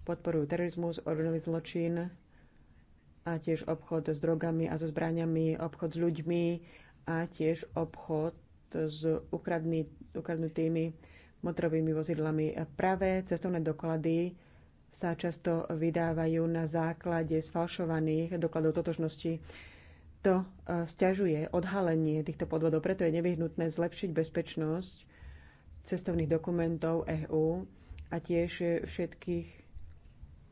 podporujú terorizmus, organizovaný zločin a tiež obchod s drogami a so zbraniami, obchod s ľuďmi a tiež obchod s ukradný, ukradnutými motorovými vozidlami. Práve cestovné doklady sa často vydávajú na základe sfalšovaných dokladov totožnosti. To e, stiažuje odhalenie týchto podvodov, preto je nevyhnutné zlepšiť bezpečnosť cestovných dokumentov EÚ a tiež všetkých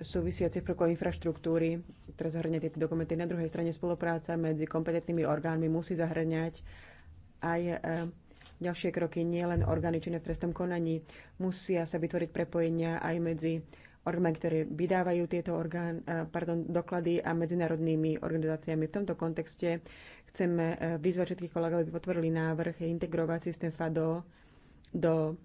súvisiacich prvkov infraštruktúry, ktoré zahrňa tieto dokumenty. Na druhej strane spolupráca medzi kompetentnými orgánmi musí zahrňať aj e, ďalšie kroky, nielen orgány činné v trestnom konaní. Musia sa vytvoriť prepojenia aj medzi orgánmi, ktoré vydávajú tieto orgán, e, pardon, doklady a medzinárodnými organizáciami. V tomto kontexte chceme e, vyzvať všetkých kolegov, aby potvorili návrh integrovať systém FADO do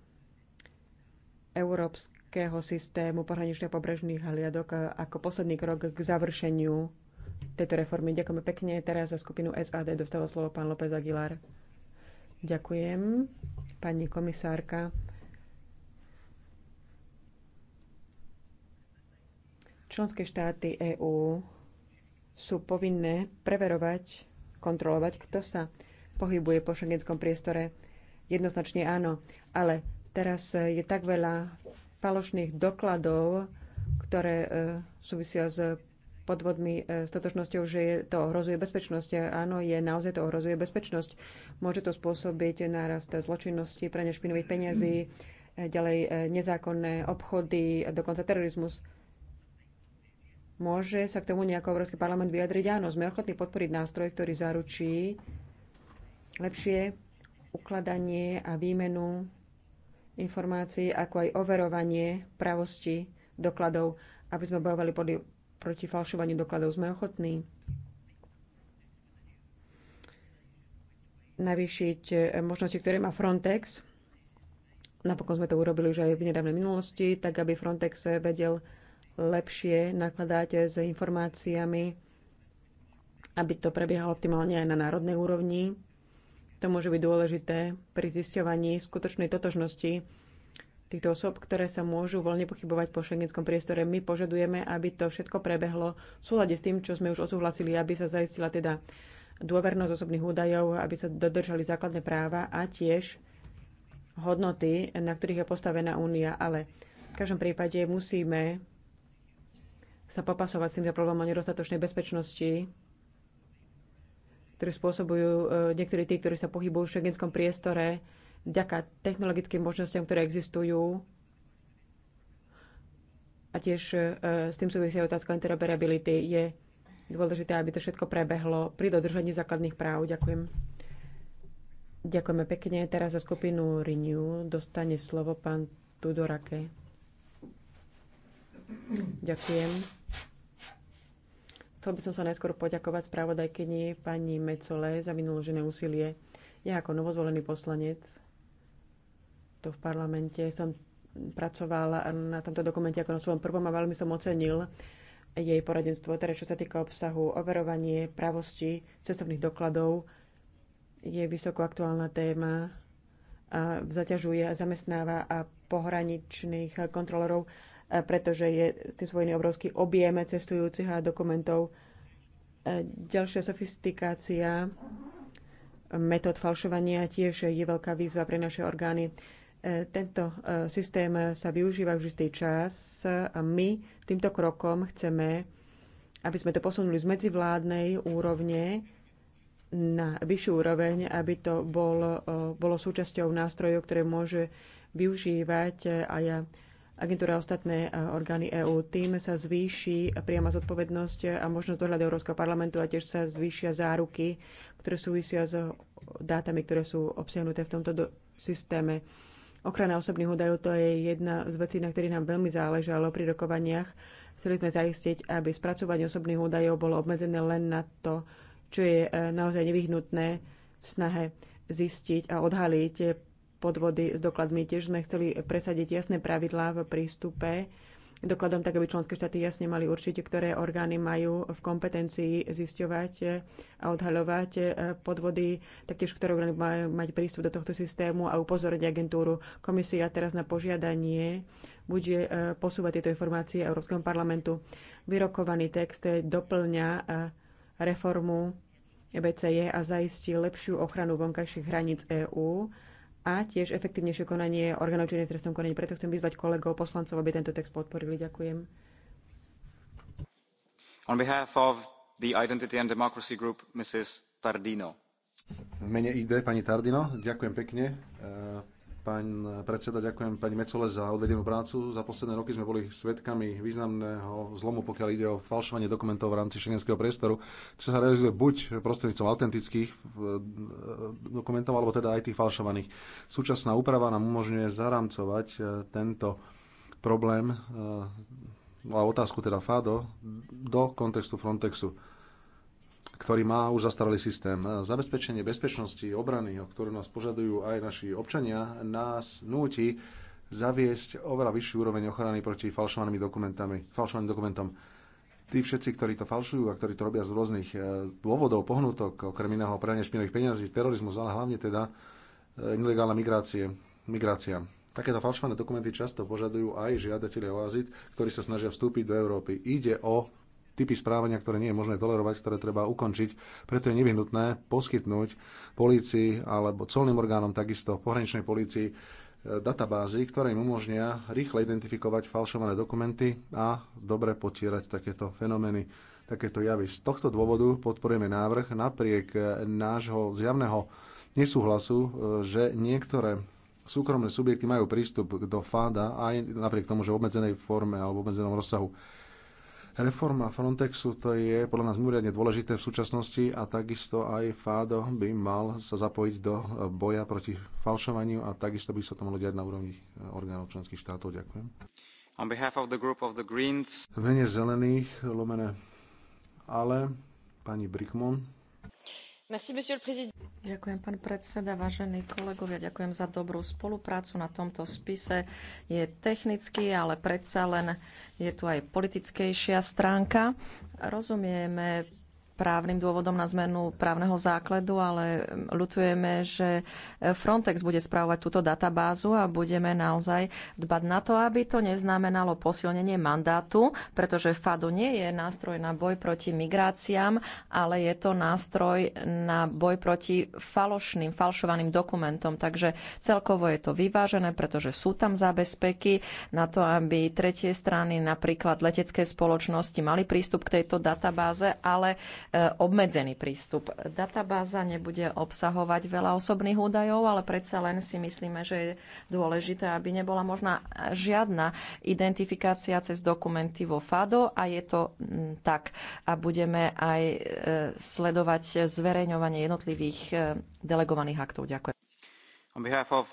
európskeho systému pohraničných pobrežných hliadok ako posledný krok k završeniu tejto reformy. Ďakujeme pekne. Teraz za skupinu SAD dostáva slovo pán López Aguilar. Ďakujem, pani komisárka. Členské štáty EÚ sú povinné preverovať, kontrolovať, kto sa pohybuje po šengenskom priestore. Jednoznačne áno, ale Teraz e, je tak veľa falošných dokladov, ktoré e, súvisia s podvodmi e, s totočnosťou, že to ohrozuje bezpečnosť. Áno, je naozaj to ohrozuje bezpečnosť. Môže to spôsobiť nárast zločinnosti, pranie špinových peniazí, ďalej nezákonné obchody, dokonca terorizmus. Môže sa k tomu nejako Európsky parlament vyjadriť? Áno, sme ochotní podporiť nástroj, ktorý zaručí lepšie ukladanie a výmenu informácií, ako aj overovanie pravosti dokladov, aby sme bojovali podľa, proti falšovaniu dokladov. Sme ochotní navýšiť eh, možnosti, ktoré má Frontex. Napokon sme to urobili už aj v nedávnej minulosti, tak aby Frontex vedel lepšie nakladať s informáciami, aby to prebiehalo optimálne aj na národnej úrovni to môže byť dôležité pri zisťovaní skutočnej totožnosti týchto osob, ktoré sa môžu voľne pochybovať po šengenskom priestore. My požadujeme, aby to všetko prebehlo v súlade s tým, čo sme už odsúhlasili, aby sa zaistila teda dôvernosť osobných údajov, aby sa dodržali základné práva a tiež hodnoty, na ktorých je postavená únia. Ale v každom prípade musíme sa popasovať s týmto problémom nedostatočnej bezpečnosti ktoré spôsobujú e, niektorí tí, ktorí sa pohybujú v šengenskom priestore, vďaka technologickým možnostiam, ktoré existujú. A tiež e, s tým súvisia otázka interoperability. Je dôležité, aby to všetko prebehlo pri dodržaní základných práv. Ďakujem. Ďakujeme pekne. Teraz za skupinu Renew dostane slovo pán Tudorake. Ďakujem. Chcel by som sa najskôr poďakovať spravodajkyni pani Mecole za minuložené úsilie. Ja ako novozvolený poslanec tu v parlamente som pracovala na tomto dokumente ako na svojom prvom a veľmi som ocenil jej poradenstvo, teda čo sa týka obsahu, overovanie pravosti cestovných dokladov, je vysoko aktuálna téma a zaťažuje a zamestnáva a pohraničných kontrolorov E, pretože je s tým spojený obrovský objem cestujúcich a dokumentov. E, ďalšia sofistikácia e, metód falšovania tiež je veľká výzva pre naše orgány. Tento systém sa využíva už istý čas a my týmto krokom chceme, aby sme to posunuli z medzivládnej úrovne na vyššiu úroveň, aby to bolo, bolo súčasťou nástrojov, ktoré môže využívať a ja agentúra a ostatné e, orgány EÚ. Tým sa zvýši priama zodpovednosť a možnosť dohľadu Európskeho parlamentu a tiež sa zvýšia záruky, ktoré súvisia s dátami, ktoré sú obsiahnuté v tomto systéme. Ochrana osobných údajov to je jedna z vecí, na ktorých nám veľmi záležalo pri rokovaniach. Chceli sme zaistiť, aby spracovanie osobných údajov bolo obmedzené len na to, čo je e, naozaj nevyhnutné v snahe zistiť a odhaliť podvody s dokladmi. Tiež sme chceli presadiť jasné pravidlá v prístupe dokladom, tak aby členské štáty jasne mali určite, ktoré orgány majú v kompetencii zisťovať a odhaľovať eh, podvody, taktiež ktoré orgány majú mať prístup do tohto systému a upozorniť agentúru. Komisia teraz na požiadanie bude eh, posúvať tieto informácie Európskemu parlamentu. Vyrokovaný text doplňa eh, reformu EBCE e a zaistí lepšiu ochranu vonkajších hraníc EÚ a tiež efektívnejšie konanie orgánov činných v trestnom konaní. Preto chcem vyzvať kolegov poslancov, aby tento text podporili. Ďakujem. On behalf of the Identity and Democracy Group, Mrs. Tardino. V mene ID, pani Tardino, ďakujem pekne. E, Pán predseda, ďakujem pani Mecole za odvedenú prácu. Za posledné roky sme boli svedkami významného zlomu, pokiaľ ide o falšovanie dokumentov v rámci šengenského priestoru, čo sa realizuje buď prostredníctvom autentických eh, dokumentov, alebo teda aj tých falšovaných. Súčasná úprava nám umožňuje zaramcovať eh, tento problém eh, a otázku teda FADO do kontextu Frontexu ktorý má už zastaralý systém. Zabezpečenie bezpečnosti, obrany, o ktorú nás požadujú aj naši občania, nás núti zaviesť oveľa vyšší úroveň ochrany proti falšovanými dokumentami, falšovaným dokumentom. Tí všetci, ktorí to falšujú a ktorí to robia z rôznych eh, dôvodov, pohnutok, okrem iného prania špinových peňazí, terorizmus, ale hlavne teda nelegálna eh, migrácie, migrácia. Takéto falšované dokumenty často požadujú aj žiadatelia o azyl, ktorí sa snažia vstúpiť do Európy. Ide o typy správania, ktoré nie je možné tolerovať, ktoré treba ukončiť. Preto je nevyhnutné poskytnúť polícii alebo colným orgánom takisto pohraničnej polícii e, databázy, ktoré im umožnia rýchle identifikovať falšované dokumenty a dobre potierať takéto fenomény, takéto javy. Z tohto dôvodu podporujeme návrh napriek nášho zjavného nesúhlasu, e, že niektoré súkromné subjekty majú prístup do fáda aj napriek tomu, že v obmedzenej forme alebo v obmedzenom rozsahu Reforma Frontexu to je podľa nás mimoriadne dôležité v súčasnosti a takisto aj FADO by mal sa zapojiť do boja proti falšovaniu a takisto by sa to malo diať na úrovni eh, orgánov členských štátov. Ďakujem. On behalf of the group of the Greens. V mene zelených, lomene ale, pani Brickmon. Ďakujem, pán predseda, vážení kolegovia, ďakujem za dobrú spoluprácu na tomto spise. Je technický, ale predsa len je tu aj politickejšia stránka. Rozumieme právnym dôvodom na zmenu právneho základu, ale ľutujeme, že Frontex bude správovať túto databázu a budeme naozaj dbať na to, aby to neznamenalo posilnenie mandátu, pretože FADO nie je nástroj na boj proti migráciám, ale je to nástroj na boj proti falošným, falšovaným dokumentom. Takže celkovo je to vyvážené, pretože sú tam zábezpeky na to, aby tretie strany, napríklad letecké spoločnosti, mali prístup k tejto databáze, ale E, obmedzený prístup. Databáza nebude obsahovať veľa osobných údajov, ale predsa len si myslíme, že je dôležité, aby nebola možná žiadna identifikácia cez dokumenty vo FADO a je to tak. A budeme aj e, sledovať zverejňovanie jednotlivých e, delegovaných aktov. Ďakujem. On behalf of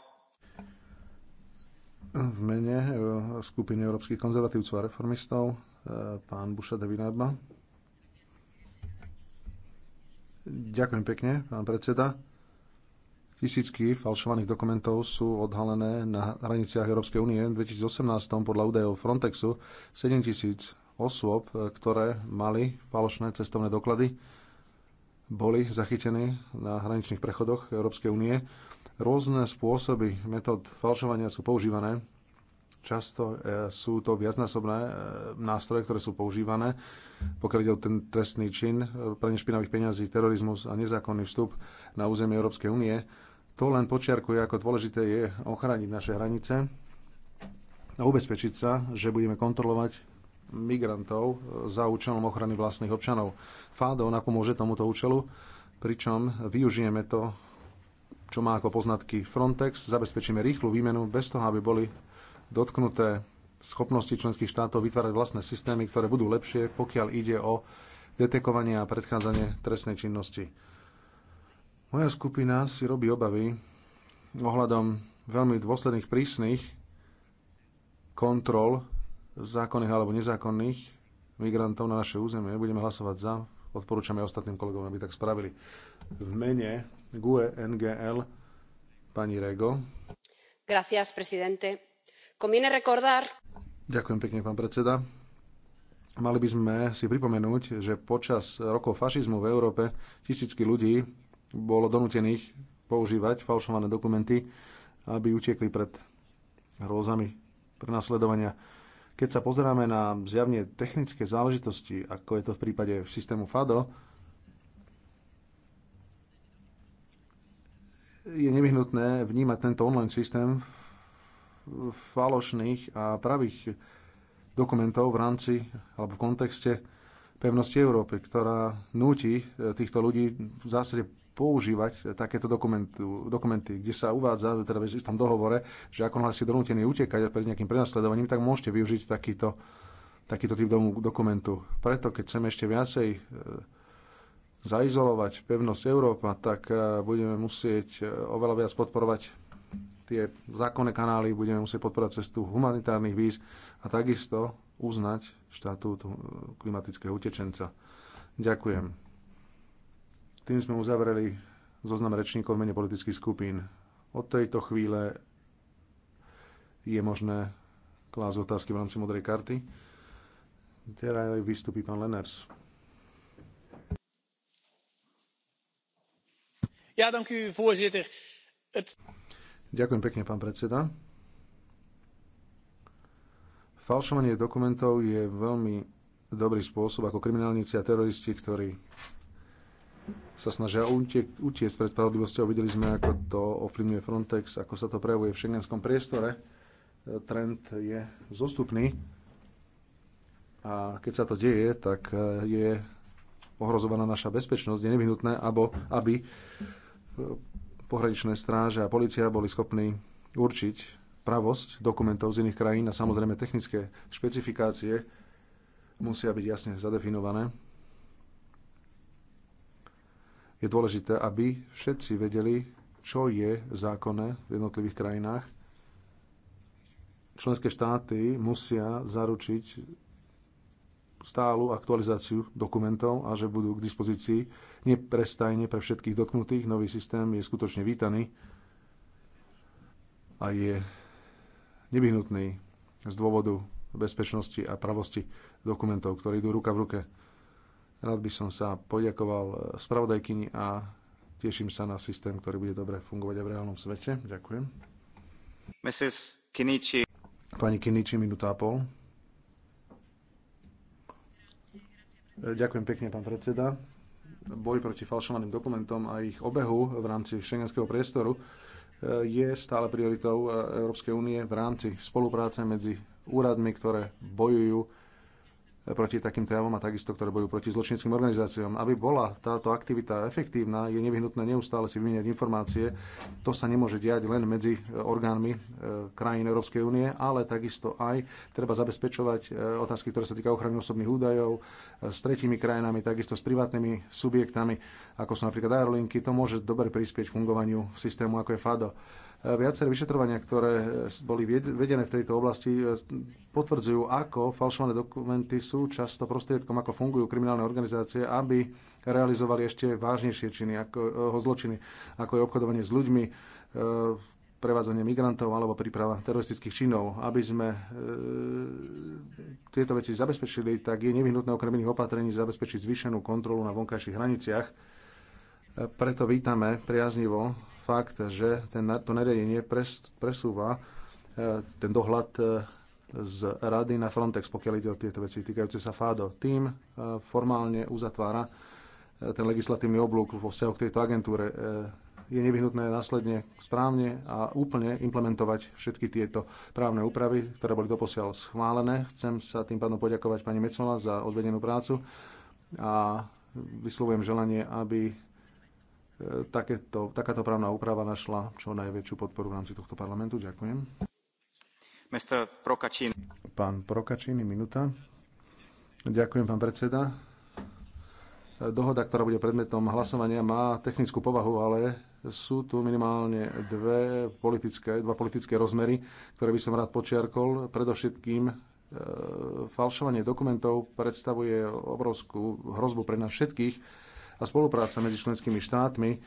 v mene skupiny európskych konzervatívcov a reformistov pán Buša de Ďakujem pekne, pán predseda. Tisícky falšovaných dokumentov sú odhalené na hraniciach Európskej únie. V 2018 podľa údajov Frontexu 7 tisíc osôb, ktoré mali falošné cestovné doklady, boli zachytení na hraničných prechodoch Európskej únie. Rôzne spôsoby metód falšovania sú používané Často e, sú to viacnásobné e, nástroje, ktoré sú používané, pokiaľ ide o ten trestný čin, e, pranie špinavých peňazí, terorizmus a nezákonný vstup na územie Európskej únie. To len počiarkuje, ako dôležité je ochrániť naše hranice a ubezpečiť sa, že budeme kontrolovať migrantov za účelom ochrany vlastných občanov. FADO napomôže tomuto účelu, pričom využijeme to, čo má ako poznatky Frontex, zabezpečíme rýchlu výmenu bez toho, aby boli dotknuté schopnosti členských štátov vytvárať vlastné systémy, ktoré budú lepšie, pokiaľ ide o detekovanie a predchádzanie trestnej činnosti. Moja skupina si robí obavy ohľadom veľmi dôsledných prísnych kontrol zákonných alebo nezákonných migrantov na naše územie. Budeme hlasovať za. Odporúčame ostatným kolegom, aby tak spravili. V mene GUE NGL pani Rego. Gracias, presidente Ďakujem pekne, pán predseda. Mali by sme si pripomenúť, že počas rokov fašizmu v Európe tisícky ľudí bolo donútených používať falšované dokumenty, aby utekli pred hrôzami prenasledovania. Keď sa pozeráme na zjavne technické záležitosti, ako je to v prípade systému FADO, je nevyhnutné vnímať tento online systém falošných a pravých dokumentov v rámci alebo v kontexte pevnosti Európy, ktorá núti e, týchto ľudí v zásade používať takéto dokumenty, kde sa uvádza, teda v istom dohovore, že ako ste donútení utekať pred nejakým prenasledovaním, tak môžete využiť takýto, takýto typ dokumentu. Preto, keď chceme ešte viacej e, zaizolovať pevnosť Európa, tak e, budeme musieť oveľa viac podporovať tie zákonné kanály budeme musieť podporať cestu humanitárnych víz a takisto uznať štatút uh, klimatického utečenca. Ďakujem. Tým sme uzavreli zoznam rečníkov v mene politických skupín. Od tejto chvíle je možné klásť otázky v rámci modrej karty. Teraz vystupí pán Leners. Ja, dank u, voorzitter. Het... Ďakujem pekne, pán predseda. Falšovanie dokumentov je veľmi dobrý spôsob, ako kriminálnici a teroristi, ktorí sa snažia utiec pred spravodlivosťou. Videli sme, ako to ovplyvňuje Frontex, ako sa to prejavuje v šengenskom priestore. Trend je zostupný a keď sa to deje, tak eh, je ohrozovaná naša bezpečnosť. Je nevyhnutné, aby eh, pohraničné stráže a policia boli schopní určiť pravosť dokumentov z iných krajín a samozrejme technické špecifikácie musia byť jasne zadefinované. Je dôležité, aby všetci vedeli, čo je zákonné v jednotlivých krajinách. Členské štáty musia zaručiť stálu aktualizáciu dokumentov a že budú k dispozícii neprestajne pre všetkých dotknutých. Nový systém je skutočne vítaný a je nevyhnutný z dôvodu bezpečnosti a pravosti dokumentov, ktoré idú ruka v ruke. Rád by som sa poďakoval spravodajkyni a teším sa na systém, ktorý bude dobre fungovať aj v reálnom svete. Ďakujem. Mrs. Kinichi. Pani Kinichi, minúta a pol. Ďakujem pekne, pán predseda. Boj proti falšovaným dokumentom a ich obehu v rámci šengenského priestoru e, je stále prioritou e, Európskej únie v rámci spolupráce medzi úradmi, ktoré bojujú proti takým javom a takisto, ktoré bojujú proti zločinským organizáciám. Aby bola táto aktivita efektívna, je nevyhnutné neustále si vymieňať informácie. To sa nemôže diať len medzi e, orgánmi e, krajín Európskej únie, ale takisto aj treba zabezpečovať e, otázky, ktoré sa týka ochrany osobných údajov s tretími krajinami, takisto s privátnymi subjektami, ako sú napríklad aerolinky. To môže dobre prispieť fungovaniu systému, ako je FADO Viaceré vyšetrovania, ktoré boli vedené v tejto oblasti, e, potvrdzujú, ako falšované dokumenty sú často prostriedkom, ako fungujú kriminálne organizácie, aby realizovali ešte vážnejšie činy, ako, e, zločiny, ako je obchodovanie s ľuďmi, e, prevádzanie migrantov alebo príprava teroristických činov. Aby sme e, tieto veci zabezpečili, tak je nevyhnutné okrem iných opatrení zabezpečiť zvýšenú kontrolu na vonkajších hraniciach. E, preto vítame priaznivo fakt, že ten, to nariadenie pres, presúva e, ten dohľad e, z rady na Frontex, pokiaľ ide o tieto veci týkajúce sa FADO. Tým e, formálne uzatvára ten legislatívny oblúk vo vzťahu k tejto agentúre je nevyhnutné následne správne a úplne implementovať všetky tieto právne úpravy, ktoré boli doposiaľ schválené. Chcem sa tým pádom poďakovať pani Mecola za odvedenú prácu a vyslovujem želanie, aby E, takéto, takáto právna úprava našla čo najväčšiu podporu v rámci tohto parlamentu. Ďakujem. Prokačín. Pán Prokačín, minúta. Ďakujem, pán predseda. E, dohoda, ktorá bude predmetom hlasovania, má technickú povahu, ale sú tu minimálne dve politické, dva politické rozmery, ktoré by som rád počiarkol. Predovšetkým e, falšovanie dokumentov predstavuje obrovskú hrozbu pre nás všetkých a spolupráca medzi členskými štátmi, e,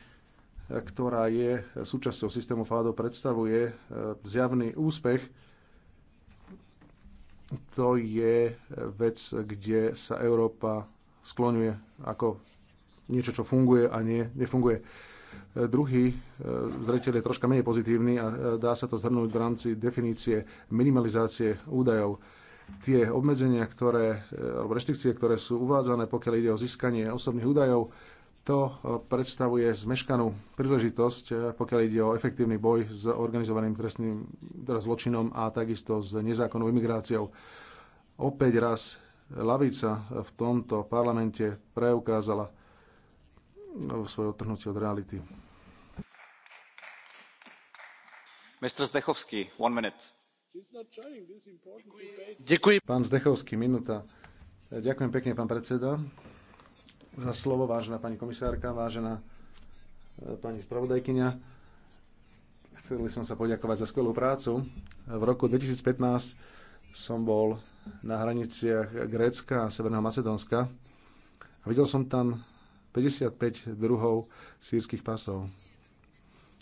ktorá je súčasťou systému FADO, predstavuje e, zjavný úspech. To je vec, kde sa Európa skloňuje ako niečo, čo funguje a nie, nefunguje. E, druhý zreteľ je troška menej pozitívny a dá sa to zhrnúť v rámci definície minimalizácie údajov tie obmedzenia, ktoré, e, alebo reštrikcie, ktoré sú uvádzané, pokiaľ ide o získanie osobných údajov, to e, predstavuje zmeškanú príležitosť, e, pokiaľ ide o efektívny boj s organizovaným trestným teda zločinom a takisto s nezákonnou imigráciou. Opäť raz lavica v tomto parlamente preukázala svoje odtrhnutie od reality. Mr. Zdechovský, one minute Pán Zdechovský, minúta. Ďakujem pekne, pán predseda, za slovo, vážená pani komisárka, vážená eh, pani spravodajkynia. Chcel som sa poďakovať za skvelú prácu. V roku 2015 som bol na hraniciach Grécka a Severného Macedónska a videl som tam 55 druhov sírskych pasov.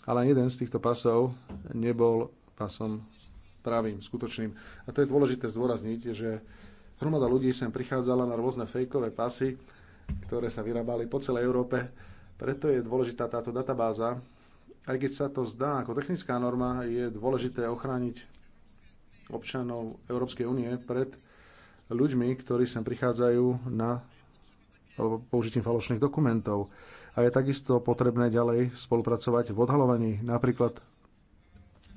Ale jeden z týchto pasov nebol pasom pravým, skutočným. A to je dôležité zdôrazniť, že hromada ľudí sem prichádzala na rôzne fejkové pasy, ktoré sa vyrábali po celej Európe. Preto je dôležitá táto databáza. Aj keď sa to zdá ako technická norma, je dôležité ochrániť občanov Európskej únie pred ľuďmi, ktorí sem prichádzajú na alebo použitím falošných dokumentov. A je takisto potrebné ďalej spolupracovať v odhalovaní napríklad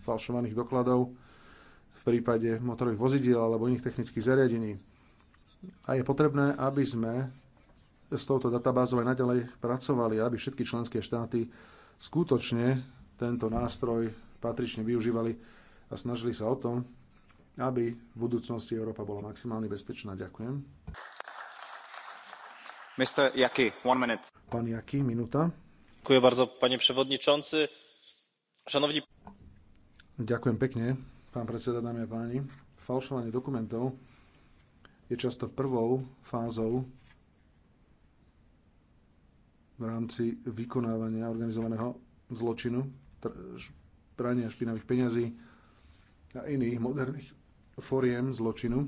falšovaných dokladov v prípade motorových vozidiel alebo iných technických zariadení. A je potrebné, aby sme s touto databázou aj naďalej pracovali, aby všetky členské štáty skutočne tento nástroj patrične využívali a snažili sa o tom, aby v budúcnosti Európa bola maximálne bezpečná. Ďakujem. Mr. Jaki, one minute. Pán Jaki, minúta. Ďakujem bardzo, panie przewodniczący. Szanowni... Ďakujem pekne pán predseda, dámy a páni. Falšovanie dokumentov je často prvou fázou v rámci vykonávania organizovaného zločinu, prania špinavých peňazí a iných moderných foriem zločinu,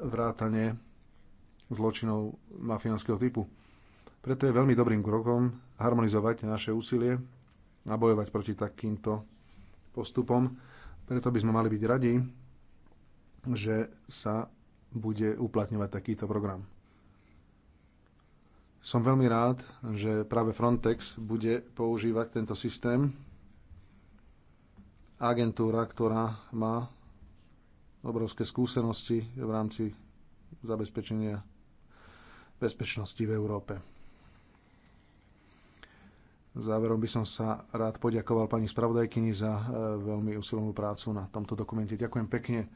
vrátane zločinov mafiánskeho typu. Preto je veľmi dobrým krokom harmonizovať naše úsilie a bojovať proti takýmto postupom. Preto by sme mali byť radi, že sa bude uplatňovať takýto program. Som veľmi rád, že práve Frontex bude používať tento systém. Agentúra, ktorá má obrovské skúsenosti v rámci zabezpečenia bezpečnosti v Európe. Záverom by som sa rád poďakoval pani spravodajkyni za e, veľmi usilovnú prácu na tomto dokumente. Ďakujem pekne.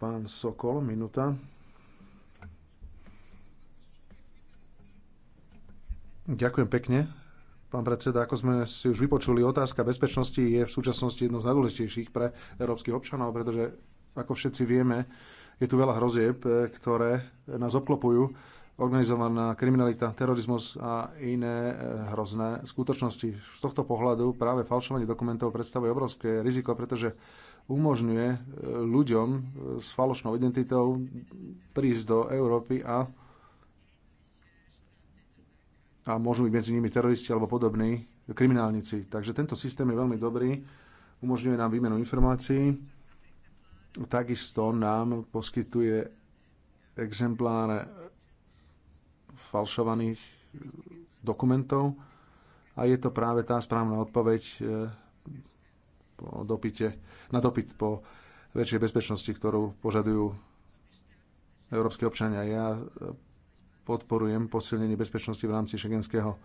Pán Sokol, minúta. Ďakujem pekne. Pán predseda, ako sme si už vypočuli, otázka bezpečnosti je v súčasnosti jednou z najdôležitejších pre európskych občanov, pretože, ako všetci vieme, je tu veľa hrozieb, e, ktoré nás obklopujú organizovaná kriminalita, terorizmus a iné e, hrozné skutočnosti. Z tohto pohľadu práve falšovanie dokumentov predstavuje obrovské riziko, pretože umožňuje e, ľuďom e, s falošnou identitou prísť do Európy a a môžu byť medzi nimi teroristi alebo podobní kriminálnici. Takže tento systém je veľmi dobrý, umožňuje nám výmenu informácií, takisto nám poskytuje exempláre falšovaných eh, dokumentov a je to práve tá správna odpoveď eh, po dopite, na dopyt po väčšej bezpečnosti, ktorú požadujú európske občania. Ja eh, podporujem posilnenie bezpečnosti v rámci šengenského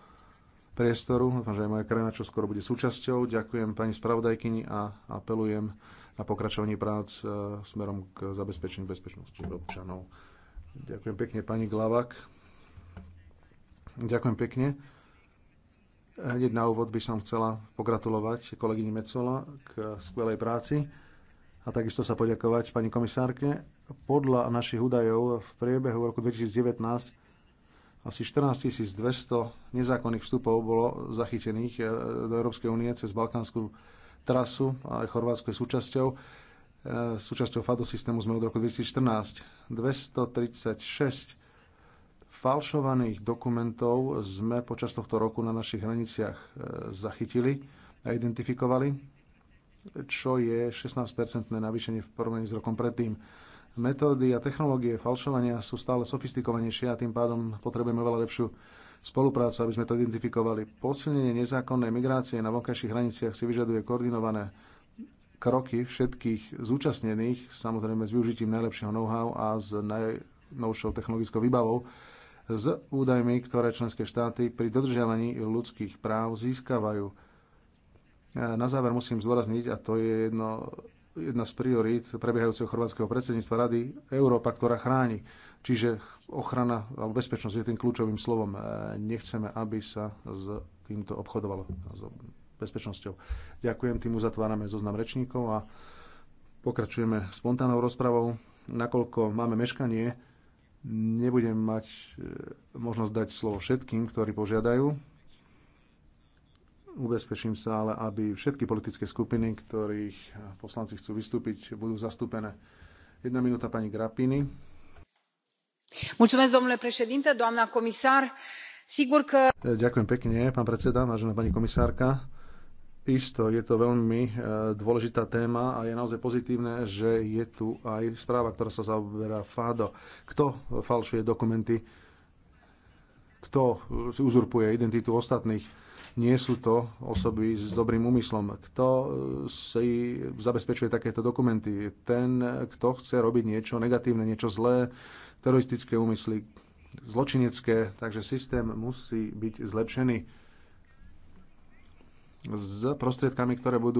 priestoru. Dúfam, že aj moja krajina čo skoro bude súčasťou. Ďakujem pani spravodajkyni a apelujem na pokračovanie prác smerom k zabezpečeniu bezpečnosti občanov. Ďakujem pekne pani Glavak. Ďakujem pekne. Hneď na úvod by som chcela pogratulovať kolegyni Mecola k skvelej práci a takisto sa poďakovať pani komisárke. Podľa našich údajov v priebehu roku 2019 asi 14 200 nezákonných vstupov bolo zachytených e, do Európskej únie cez Balkánsku trasu a aj Chorvátsko je súčasťou. E, súčasťou FADO systému sme od roku 2014. 236 falšovaných dokumentov sme počas tohto roku na našich hraniciach e, zachytili a identifikovali, čo je 16-percentné navýšenie v porovnaní s rokom predtým. Metódy a technológie falšovania sú stále sofistikovanejšie a tým pádom potrebujeme veľa lepšiu spoluprácu, aby sme to identifikovali. Posilnenie nezákonnej migrácie na vonkajších hraniciach si vyžaduje koordinované kroky všetkých zúčastnených, samozrejme s využitím najlepšieho know-how a s najnovšou technologickou výbavou, s údajmi, ktoré členské štáty pri dodržiavaní ľudských práv získavajú. Na záver musím zdôrazniť, a to je jedno, jedna z priorít prebiehajúceho chorvátskeho predsedníctva Rady, Európa, ktorá chráni. Čiže ochrana alebo bezpečnosť je tým kľúčovým slovom. Nechceme, aby sa s týmto obchodovalo, s bezpečnosťou. Ďakujem, tým uzatvárame zoznam rečníkov a pokračujeme spontánnou rozpravou. Nakoľko máme meškanie, Nebudem mať e, možnosť dať slovo všetkým, ktorí požiadajú. Ubezpečím sa ale, aby všetky politické skupiny, ktorých poslanci chcú vystúpiť, budú zastúpené. Jedna minúta pani Grapini. Mulțumesc, domnule președinte, doamna comisar. Sigur că... E, ďakujem pekne, pán predseda, vážená pani komisárka Isto, je to veľmi e, dôležitá téma a je naozaj pozitívne, že je tu aj správa, ktorá sa zaoberá FADO. Kto falšuje dokumenty? Kto e, uzurpuje identitu ostatných? Nie sú to osoby s dobrým úmyslom. Kto e, si zabezpečuje takéto dokumenty? Ten, kto chce robiť niečo negatívne, niečo zlé, teroristické úmysly, zločinecké. Takže systém musí byť zlepšený s prostriedkami, ktoré budú